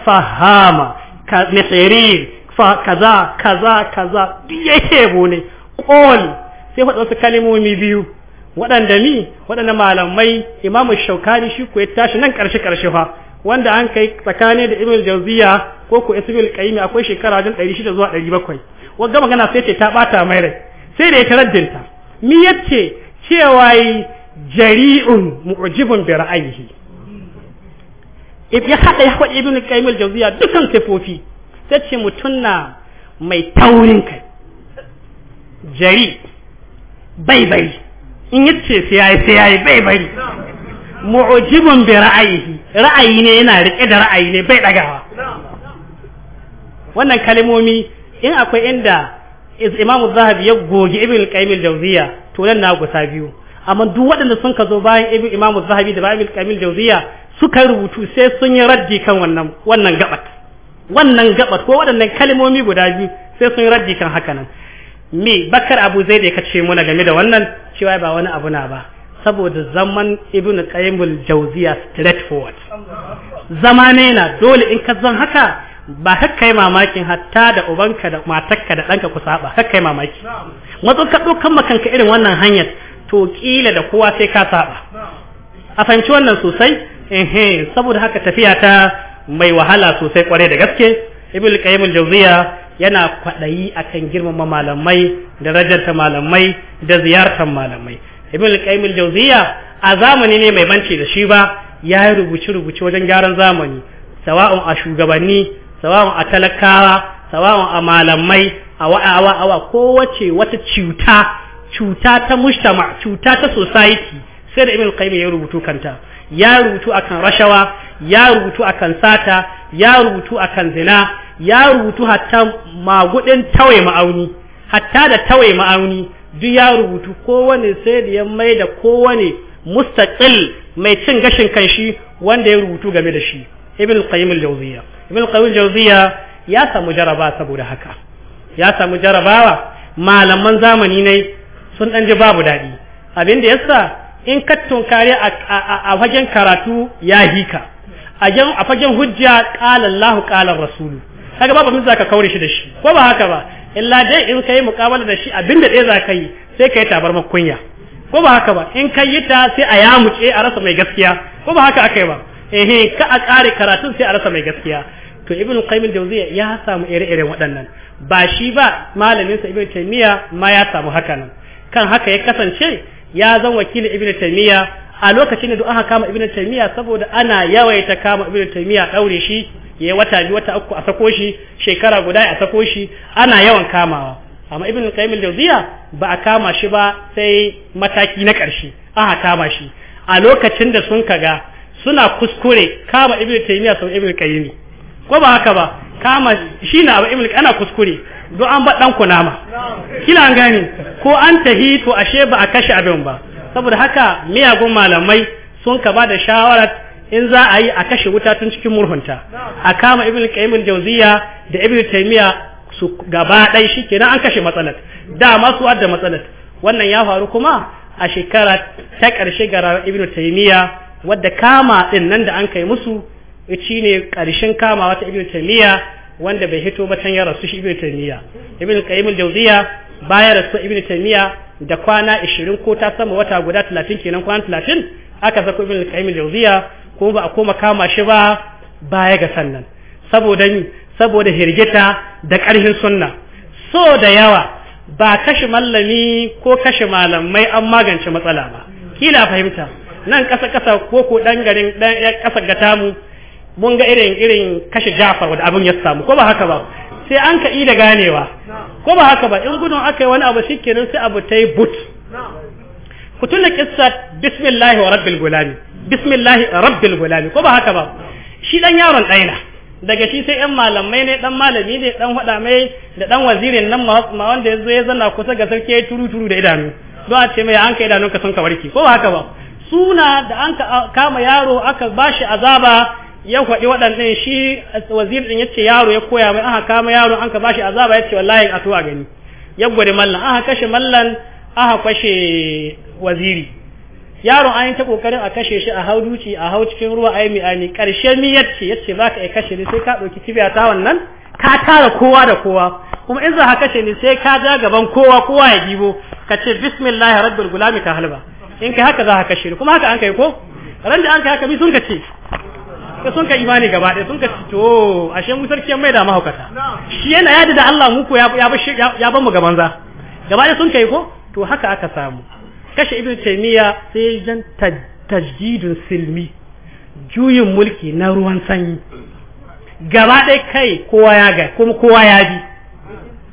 fahama ka misirin fa kaza kaza kaza yake bone qol sai fa wasu kalimomi biyu waɗanda ni waɗanda malamai imamu shaukani shi ko ya tashi nan karshe ƙarshe fa wanda an kai tsakani da ibn jawziya ko ko ismail qayyim akwai shekara jin 600 zuwa 700 wanda magana sai ce ta bata mai rai sai da ya tarjinta mi yace cewa jari'un mu'jibun bi ra'ayihi ya hada ya kwaɗe ibn qayyim jawziya dukan sifofi sai ce mutunna na mai taurin kai jari bai bai in yace sai yayi sai yayi bai bai mu'jibun bi ra'ayihi ra'ayi ne yana rike da ra'ayi ne bai dagawa wannan kalmomi in akwai inda imamu zahabi ya gogi ibn qayyim jawziya to nan na gusa biyu amma duk waɗanda sun ka zo bayan ibn imam zahabi da bayan kamil jauziya suka rubutu sai sun yi raddi kan wannan wannan gabat wannan gabat ko waɗannan kalmomi guda biyu sai sun yi raddi kan haka nan me bakar abu zai da kace muna game da wannan cewa ba wani abu na ba saboda zaman ibn qayyimul jawziya straightforward zama ne na dole in ka zan haka ba yi mamakin hatta da ubanka da matakka da ɗanka ku saba yi mamaki matsun ɗaukan makanka irin wannan hanyar to kila da kowa sai ka saba a fahimci wannan sosai ehe saboda haka tafiya ta mai wahala sosai kware da gaske ibn qayyim al-jawziya yana kwadayi akan girmama malamai darajarta malamai da ziyartar malamai ibn qayyim al-jawziya a zamani ne mai banci da shi ba ya yi rubuce rubuce wajen gyaran zamani sawa'un a shugabanni sawa'un a talakawa sawa'un a malamai a wa'awa awa kowace wata cuta. cuta ta mujtama cuta ta society sai da ibn qayyim ya rubutu kanta ya rubutu akan rashawa ya rubutu akan sata ya rubutu akan zina ya rubutu hatta magudin tawaye ma'auni hatta da tawaye ma'auni duk ya rubutu kowane sai da ya mai da kowane mustaqil mai cin gashin kanshi wanda ya rubutu game da shi ibn qayyim al-jawziya ibn qayyim al-jawziya ya samu jaraba saboda haka ya samu jarabawa malaman zamani ne sun ɗan ji babu daɗi abin da yasa in ka tunkare a fagen karatu ya hika a fagen hujja ƙalan lahu ƙalan rasulu haka babu mun zaka kaure shi da shi ko ba haka ba illa dai in ka yi muqabala da shi abin da za zaka yi sai ka yi tabar kunya, ko ba haka ba in ka yi ta sai a yamuce a rasa mai gaskiya ko ba haka yi ba eh ka a ƙare karatun sai a rasa mai gaskiya to ibn qayyim jawziya ya samu ire-iren waɗannan ba shi ba malaminsa sa ibnu taymiya ma ya samu haka nan kan haka ya kasance ya zan wakilin ibn taymiya a lokacin da aka kama ibn taymiya saboda ana yawaita kama ibn taymiya daure shi ya wata biyu wata uku a sako shi shekara guda a sako shi ana yawan kamawa amma ibn qayyim al-jawziya ba a kama shi ba sai mataki na karshe aka kama shi a lokacin da sun kaga suna kuskure kama ibn taymiya sau ibn qayyim ko ba haka ba kama shi na ibn ana kuskure don an ba dan kunama kila gani. ko an tahi to ashe ba a kashe abin ba saboda haka miyagun malamai sun ka ba da shawarar in za a yi a kashe wuta tun cikin murhunta a kama ibn qayyim al-jawziya da ibn taymiya su gaba dai shikenan an kashe matsalar Da su adda matsalar wannan ya faru kuma a shekara ta ƙarshe ga ibn taymiya wadda kama din nan da an kai musu shine ƙarshen karshen kama wata ibn taymiya wanda bai hito ba ya rasu shi ibn taymiya ibn qayyim al-jawziya baya rasu Ibn taymiya da kwana 20 ko ta sama wata guda 30 kenan kwana 30 aka sako Ibn qayyim al-jawziya ko ba a koma kama shi ba baya ga sannan saboda saboda hirgita da karfin sunna so da yawa ba kashe mallami ko kashe malamai an magance matsala ba kila fahimta nan kasa kasa ko ko dan garin dan kasa gatamu mun ga irin irin kashe jafa wanda abin ya samu ko ba haka ba sai an ka da ganewa ko ba haka ba in gudun aka yi wani abu kenan sai abu ta yi but ku tuna kissa bismillahi wa rabbil gulami bismillahi rabbil gulami ko ba haka ba shi dan yaron ɗaya daga shi sai yan malamai ne dan malami ne dan hada mai da dan wazirin nan ma wanda ya zo ya zanna kusa ga sarki ya turu turu da idanu don a ce mai an ka idanun ka sun ka warke ko ba haka ba suna da an kama yaro aka bashi azaba ya faɗi waɗannan shi wazir ɗin yace yaro ya koya mai aka kama yaro an ka bashi azaba yace wallahi a tuwa gani ya gwada mallan aka kashe mallan aka kashe waziri yaro an yi ta kokarin a kashe shi a hau duci a hau cikin ruwa ai mi ani karshe mi yace yace zaka ai kashe ni sai ka dauki kibiya ta wannan ka tara kowa da kowa kuma in za ka kashe ni sai ka ja gaban kowa kowa ya gibo ka ce bismillahir rabbil gulami ka halba in kai haka za ka kashe ni kuma haka an kai ko ran da an kai haka mi sun ka ce sai sun ka imani gaba ɗaya sun ka to ashe mu sarki mai da mahaukata shi yana yadda da Allah mu ko ya ya ban mu gaban za gaba ɗaya sun kai ko to haka aka samu kashe ibn taymiya sai jan tajdidun silmi juyin mulki na ruwan sanyi gaba ɗaya kai kowa ya ga kuma kowa ya ji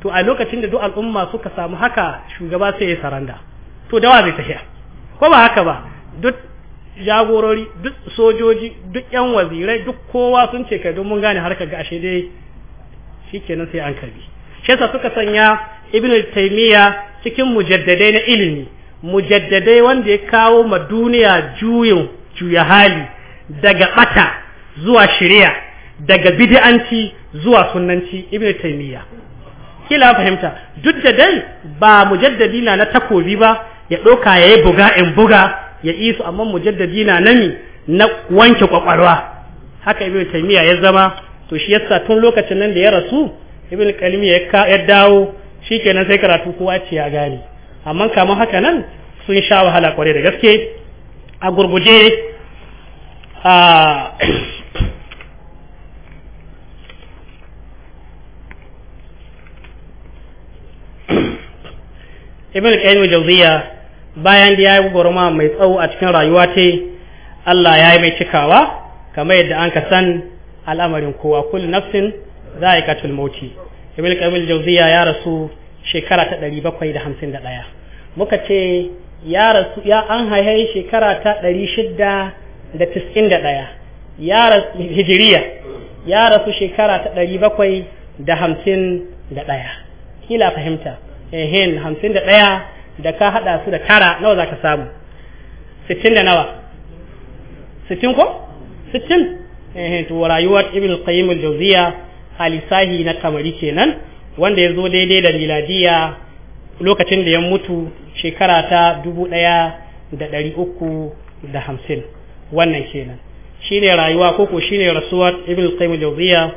to a lokacin da duk al'umma suka samu haka shugaba sai ya saranda to dawa zai tafiya ko ba haka ba duk jagorori duk sojoji duk yan wazirai duk kowa sun ce kai don mun gane harkar ga ashe dai shikenan sai an karbi shi yasa suka sanya ibnu taymiya cikin mujaddadai na ilimi mujaddadai wanda ya kawo ma duniya juyin juya hali daga bata zuwa shari'a daga bid'anci zuwa sunnanci ibnu taymiya kila fahimta duk da dai ba mujaddadi na na takobi ba ya doka yayi buga in buga ya isu amma mujaddadi na nami na wanke kwakwalwa haka ibn taymiya ya zama to shi yasa tun lokacin nan da ya rasu ibn qalim ya ya dawo shikenan sai karatu kowa ce ya gane amma kama haka nan sun sha wahala kware da gaske a gurguje a ibn qayyim jawziya bayan da ya yi gwagwarma mai tsawo a cikin rayuwa ta Allah ya yi mai cikawa kamar yadda an ka san al'amarin kowa kullum nafsin katul mauti ibil qabil Jauziya ya rasu shekara ta ɗari bakwai da da hamsin ɗaya. muka ce ya rasu ya an haihe shekara ta ɗari shida da da ɗaya. ya rasu hijiriya ya rasu shekara ta ɗari bakwai da da hamsin ɗaya. kila fahimta ehin ɗaya. da ka hada su da tara nawa zaka samu sittin da nawa sittin ko sittin eh to rayuwar ibn al-qayyim al-jawziya alisahi na kamari kenan wanda ya zo daidai da miladiya lokacin da ya mutu shekara ta dubu ɗaya da ɗari uku da hamsin wannan kenan shine rayuwa ko shine rasuwar ibn al-qayyim al-jawziya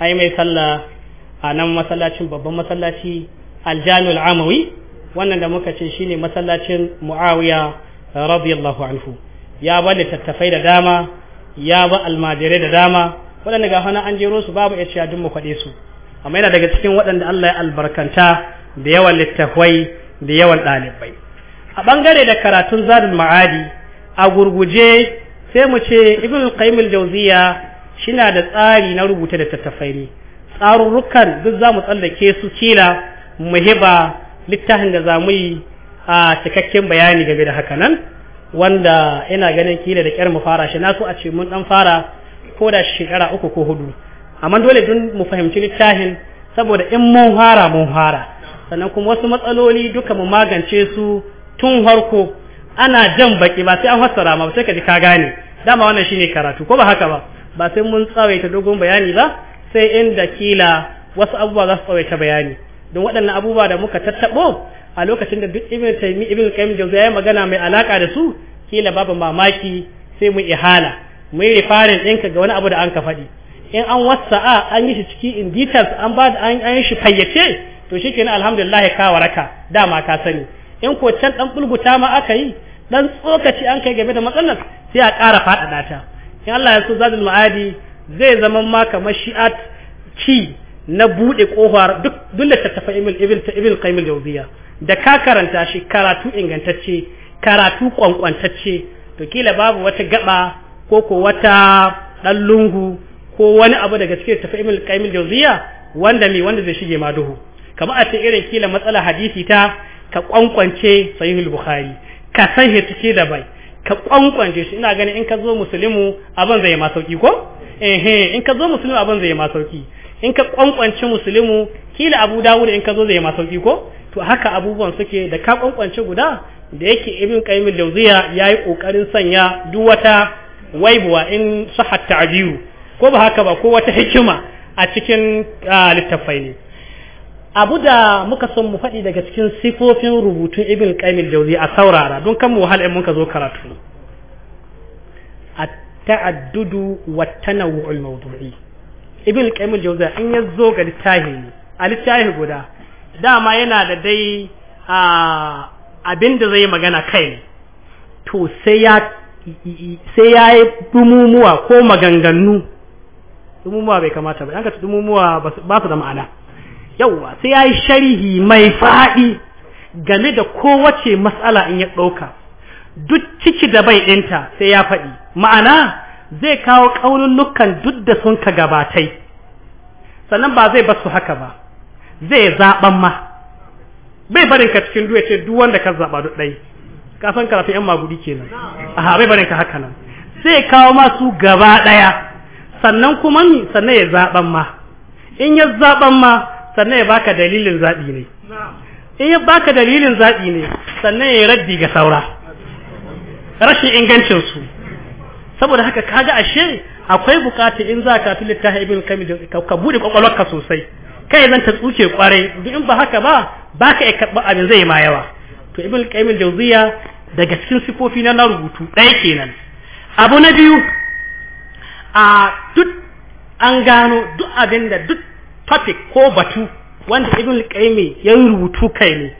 ai mai sallah a nan masallacin babban masallaci aljami'ul amawi wannan da muka ce ne masallacin muawiya radiyallahu anhu ya ba littattafai da dama ya ba almajirai da dama waɗanda ga hana an jero su babu ya ce mu su amma yana daga cikin waɗanda Allah ya albarkanta da yawan littafai da yawan ɗalibai a ɓangare da karatun zadul ma'adi a gurguje sai mu ce ibn qayyim al-jawziya shina da tsari na rubuta da tattafai ne tsarurrukan duk za mu tsallake su kila muhiba littafin da za mu yi a cikakken bayani game da haka nan wanda ina ganin kila da kyar mu fara shi na so a ce mun dan fara ko da shekara uku ko hudu amma dole dun mu fahimci littafin saboda in mun fara mun fara sannan kuma wasu matsaloli duka mu magance su tun harko ana jan baki ba sai an fassara ma sai ka ji ka gane dama wannan shine karatu ko ba haka ba ba sai mun tsawaita dogon bayani ba sai inda kila wasu abubuwa za su tsawaita bayani don waɗannan abubuwa da muka tattaɓo a lokacin da duk ibn taymi ibn qayyim jawziya ya magana mai alaka da su kila babu mamaki sai mu ihala mu yi rifarin ɗinka ga wani abu da an ka faɗi in an a an yi shi ciki in details an ba da an yi shi fayyace to shi kenan alhamdulillah ka waraka dama ka sani in ko can dan bulguta ma aka yi dan tsokaci an kai game da matsalar sai a ƙara faɗaɗa ta in Allah ya so zadul ma'adi zai zama ma kamar shi'at ci na buɗe ƙofar duk duk littattafan ibil ibil ta ibil qaimil jawziya da ka karanta shi karatu ingantacce karatu kwankwantacce to kila babu wata gaba ko ko wata dan lungu ko wani abu daga cikin tafi ibil qaimil jawziya wanda mi wanda zai shige ma duhu kamar a ce irin kila matsala hadisi ta ka kwankwance sahihul bukhari ka sahihi take da bai ka kwankwance shi ina ganin in ka zo musulmi abin zai ma sauki ko eh in ka zo musulmi abin zai ma sauki in ka kwankwanci musulmi kila abu dawud in ka zo zai ma sauki ko to haka abubuwan suke da ka kwankwanci guda da yake ibn qayyim al-jawziya yayi kokarin sanya duk wata waibuwa in sahat ta'biru ko ba haka ba ko wata hikima a cikin littafai ne abu da muka son mu faɗi daga cikin sifofin rubutun ibn qayyim al-jawziya a saurara don kan mu wahala in ka zo karatu at-ta'addudu wa tanawwu al-mawdu'i ibn qayyim jawza in ya zo ga littahi a littafi guda dama yana da dai a abinda zai magana kai to sai ya sai ya yi dumumuwa ko maganganu dumumuwa bai kamata ba yanka dumumuwa ba su da ma'ana yauwa sai ya yi sharhi mai faɗi game da kowace matsala in ya ɗauka duk ciki da bai ɗinta sai ya faɗi ma'ana zai kawo kaulullukan duk da sun ka gabatai sannan ba zai basu haka ba zai zaɓan ma bai barin ka cikin duwace ce duk wanda ka zaɓa duk ɗai ka san karatu yan magudi kenan a bai barin ka haka nan zai kawo ma su gaba ɗaya sannan kuma ni sannan ya zaɓan ma in ya zaɓan ma sannan ya baka dalilin zaɓi ne in ya baka dalilin zaɓi ne sannan ya raddi ga saura rashin ingancin su saboda haka kaga ashe akwai bukata in za ka fili ta ibn kamil ka bude kwakwalwarka sosai kai zan ta tsuke kwarai duk in ba haka ba baka ya karɓa abin zai ma yawa to ibn qayyim jawziya daga cikin sifofi na rubutu ɗaya kenan abu na biyu a duk an gano duk abin da duk topic ko batu wanda ibn kaimi ya rubutu kai ne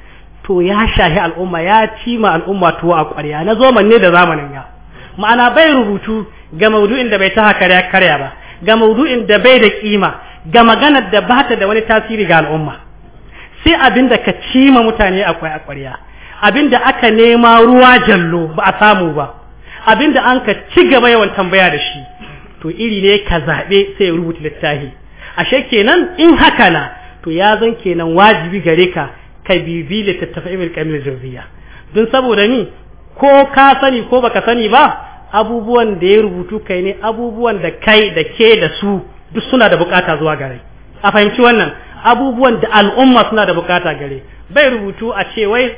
to ya shahi al'umma ya cima al'umma tuwa a kwarya na zoma ne da zamanin ya ma'ana bai rubutu ga maudu'in da bai ta karya karya ba ga maudu'in da bai da kima ga maganar da bata da wani tasiri ga al'umma sai abin da ka cima mutane akwai a ƙwarya abin da aka nema ruwa jallo ba a samu ba abin da an ka ci gaba yawan tambaya da shi to iri ne ka zaɓe sai rubuta littafi ashe kenan in haka na to ya zan kenan wajibi gare ka ka bibi littattafai ibn kamil jawziya don saboda ni ko ka sani ko baka sani ba abubuwan da ya rubutu kai ne abubuwan da kai da ke da su duk suna da bukata zuwa gare a fahimci wannan abubuwan da al'umma suna da bukata gare bai rubutu a ce wai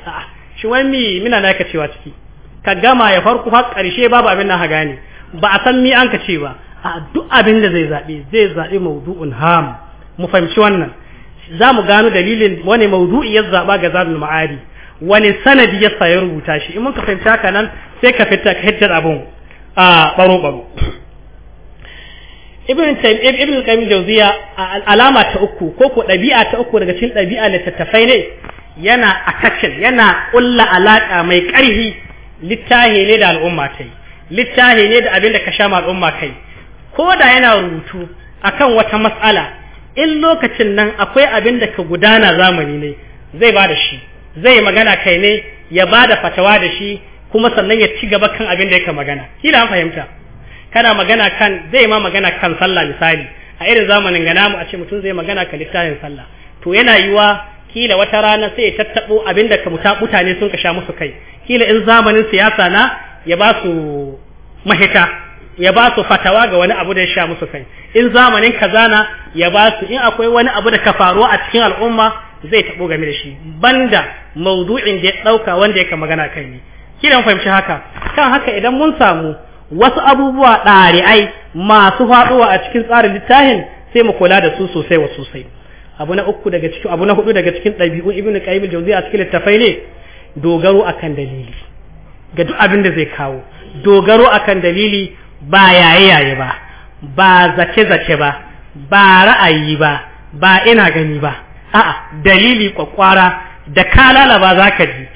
shi wai mi mina na cewa ciki ka gama ya farko har karshe babu abin nan ha gane ba a san mi an ka ce ba a duk abin da zai zabe zai zabe mawdu'un ham mu fahimci wannan za mu gano dalilin wani mawdu'i ya zaba ga zadul ma'ari. wani sanadi ya sa ya rubuta shi in muka fahimta haka nan sai ka fita ka hajjar abun a baro baro ibn tayyib ibn qayyim jawziya alama ta uku ko ko dabi'a ta uku daga cikin dabi'a littattafai tattafai ne yana attachment yana ƙulla alaka mai ƙarfi littahi ne da al'umma kai littahi ne da abin da ka shama al'umma kai ko da yana rubutu akan wata mas'ala in lokacin nan akwai abin da ka gudana zamani ne zai ba da shi zai magana kai ne ya ba da fatawa da shi kuma sannan ya ci gaba kan abin da yake magana kila an fahimta kana magana kan zai ma magana kan sallah misali a irin zamanin ga namu a ce mutum zai magana kan littafin sallah to yana yiwa kila wata rana sai ya tattabo abin da ka mutane sun ka sha musu kai kila in zamanin siyasa na ya ba su mahita ya ba su fatawa ga wani abu da ya sha musu kai in zamanin kazana ya ba su in akwai wani abu da ka faruwa a cikin al'umma zai taɓo game da shi banda maudu'in da ya ɗauka wanda ya yake magana kai ne kidan fahimci haka kan haka idan mun samu wasu abubuwa ɗari'ai masu faɗowa a cikin tsarin littafin sai mu kula da su sosai wa sosai abu na uku daga cikin abu na hudu daga cikin ɗabi'un ibn qayyim al-jawzi a cikin littafai ne dogaro akan dalili ga duk abin da zai kawo dogaro akan dalili ba yaye yayi ba ba zace zace ba ba ra'ayi ba ba ina gani ba a'a dalili kwakwara da ka lalaba za ka ji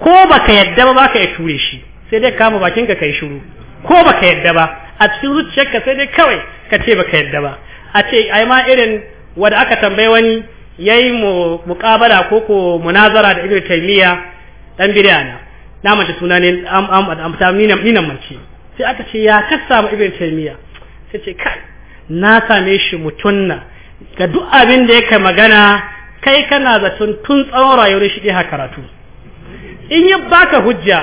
ko baka yadda ba baka ya ture shi sai dai kama bakin ka kai shiru ko baka yadda ba a cikin zuciyarka sai dai kawai ka ce baka yadda ba a ce ai ma irin wanda aka tambaye wani yayi mu muqabala ko ko munazara da Ibn Taymiyyah dan bid'a na mace suna ne am am am ta mina mace sai aka ce ya kasa mu Ibn Taymiyyah sai ce kai na same shi mutunna ga duk abin da yake magana kai kana zaton tun tsawon rayuwar shi ɗaya karatu in ya baka hujja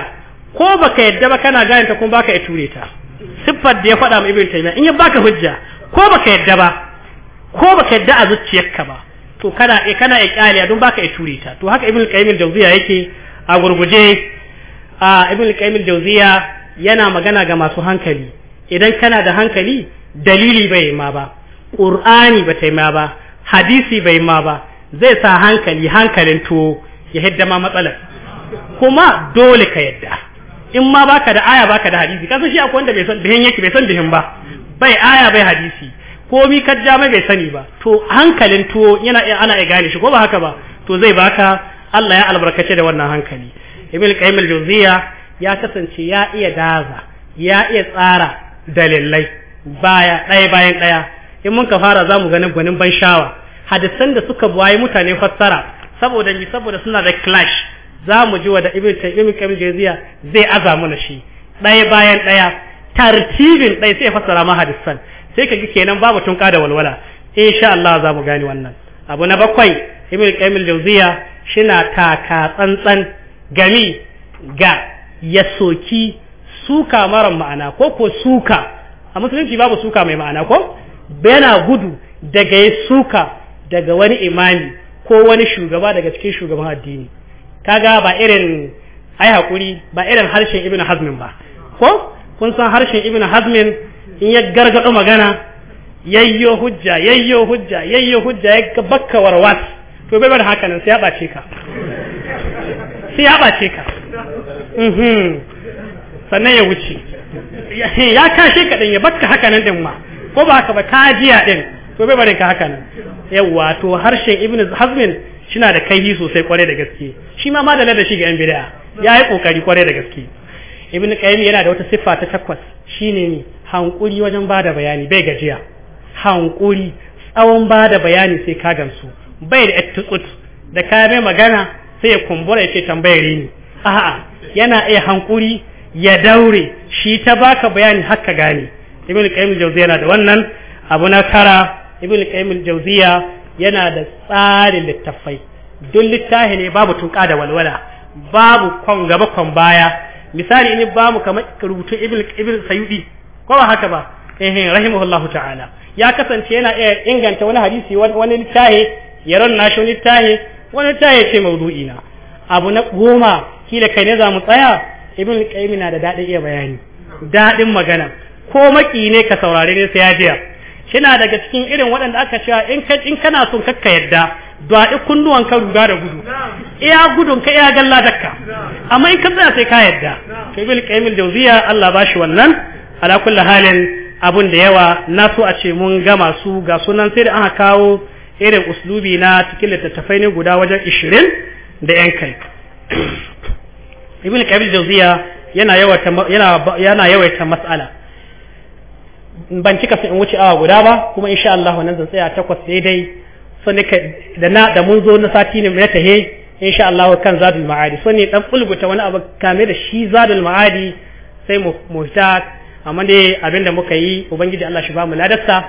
ko baka yadda ba kana gane ta kuma baka ya ture ta siffar da ya faɗa ma ibn taymiya in ya baka hujja ko baka yadda ba ko baka yadda a zuciyarka ba to kana e kana e kyaliya don baka ya ture ta to haka ibn qayyim al-jawziya yake a gurguje a ibn qayyim al-jawziya yana magana ga masu hankali idan kana da hankali dalili bai ma ba ƙur'ani ba ta yi ma ba hadisi bai ma ba zai sa hankali hankalin tuwo ya hidda ma matsalar kuma dole ka yadda in ma baka da aya baka da hadisi kasan shi akwai wanda bai san dihin yake bai san dihin ba bai aya bai hadisi ko mi mai bai sani ba to hankalin tuwo yana ana iya gane shi ko ba haka ba to zai baka Allah ya albarkace da wannan hankali Ibn Qayyim al-Jawziya ya kasance ya iya daza ya iya tsara dalilai baya ɗaya bayan ɗaya in mun ka fara za mu ganin gwanin ban shawa hadisan da suka waye mutane fassara saboda ni saboda suna da clash mu ji wada ibn tayyib kam jaziya zai aza na shi ɗaya bayan ɗaya tartibin ɗaya sai fassara ma hadisan sai ka ji kenan babu tunka da walwala insha Allah za mu gani wannan abu na bakwai ibn qayyim jawziya shina taka tsantsan gami ga ya soki suka mara ma'ana ko ko suka a musulunci babu suka mai ma'ana ko yana gudu daga ya suka daga wani imani ko wani shugaba daga cikin shugaban addini kaga ba irin ai hakuri ba irin harshen ibn hazmin ba ko kun san harshen ibn hazmin in ya gargado magana yayyo hujja yayyo hujja yayyo hujja ya bakka warwat to bai bar haka nan sai ya bace ka sai ya bace ka mhm. sannan ya wuce ya kashe ka ya bakka haka nan din ma ko ba ka ba kajiya din to bai barin ka haka nan yawa to harshen ibn hazmin shina da kaihi sosai kwarai da gaske shi ma madalla da shi ga yan bid'a ya yi kokari kware da gaske ibn qayyim yana da wata siffa ta takwas shine ne hankuri wajen bada bayani bai gajiya hankuri tsawon bada bayani sai ka gamsu bai da attutut da ka mai magana sai ya kumbura ya ce tambayar ni a'a yana iya hankuri ya daure shi ta baka bayani har ka gane ibn qayyim jawziya na da wannan abu na kara ibn qayyim jawziya yana da tsarin littafai duk littafi ne babu tunka da walwala babu kon gaba kon baya misali in ba mu kamar rubutu ibn ibn sayyidi ko ba haka ba eh rahimahullahu ta'ala ya kasance yana iya inganta wani hadisi wani littafi ya ranna littafi wani littafi ce maudu'i na abu na goma kila kai ne za mu tsaya ibn qayyim na da dadin iya bayani dadin magana ko maki ne ka saurare ne sai ya jiya kina daga cikin irin waɗanda aka cewa in ka in kana son kakka yadda duk kunnuwan ka ruga da gudu iya gudun ka iya galla dakka amma in ka tsaya sai ka yadda to bil qaimil jawziya Allah ba shi wannan ala kulli halin abun da yawa na so a ce mun ga masu ga sunan sai da aka kawo irin uslubi na cikin littattafai ne guda wajen 20 da yan kai ibn qabil jawziya yana yawaita yana yawaita mas'ala ban cika su in wuce awa guda ba kuma insha Allah wannan zan tsaya takwas sai dai so ne da na da mun zo na sati ne na tahe insha Allah kan zadul ma'adi so ne dan bulguta wani abu kame da shi zadul ma'adi sai mu mu ta amma dai abinda muka yi ubangiji Allah shi ba mu ladarsa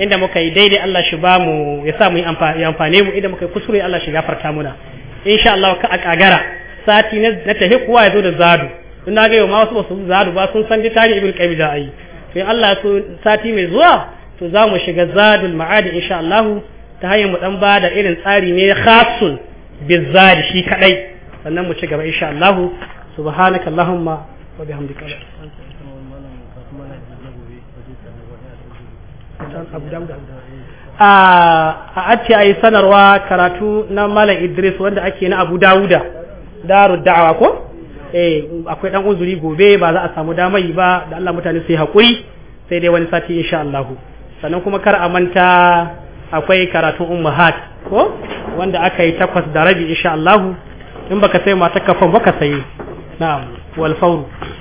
inda muka yi daidai Allah shi ba mu ya sa mu yi amfane mu inda muka yi kuskure Allah shi gafarta muna insha Allah ka a sati na tahe kuwa ya zo da zadu ina ga yau ma wasu ba su zadu ba sun san dai tare ibn qayyim da ayi in Allah so sati mai zuwa to za mu shiga zadin ma'adi insha Allah ta hanyar mu dan ba da irin tsari ne khasun bizzari shi kadai sannan mu ci gaba insha Allah subhanaka allahumma wa bihamdika a ace a sanarwa karatu na Malam Idris wanda ake na Abu Dawuda daru da'awa ko? eh akwai dan uzuri gobe ba za a samu damar yi ba da Allah mutane su yi hakuri sai dai wani sati insha Allah sannan kuma kar a manta akwai karatun ummahat ko wanda aka yi takwas da rabi insha Allah in baka sai ma takafan baka sai na'am wal fawru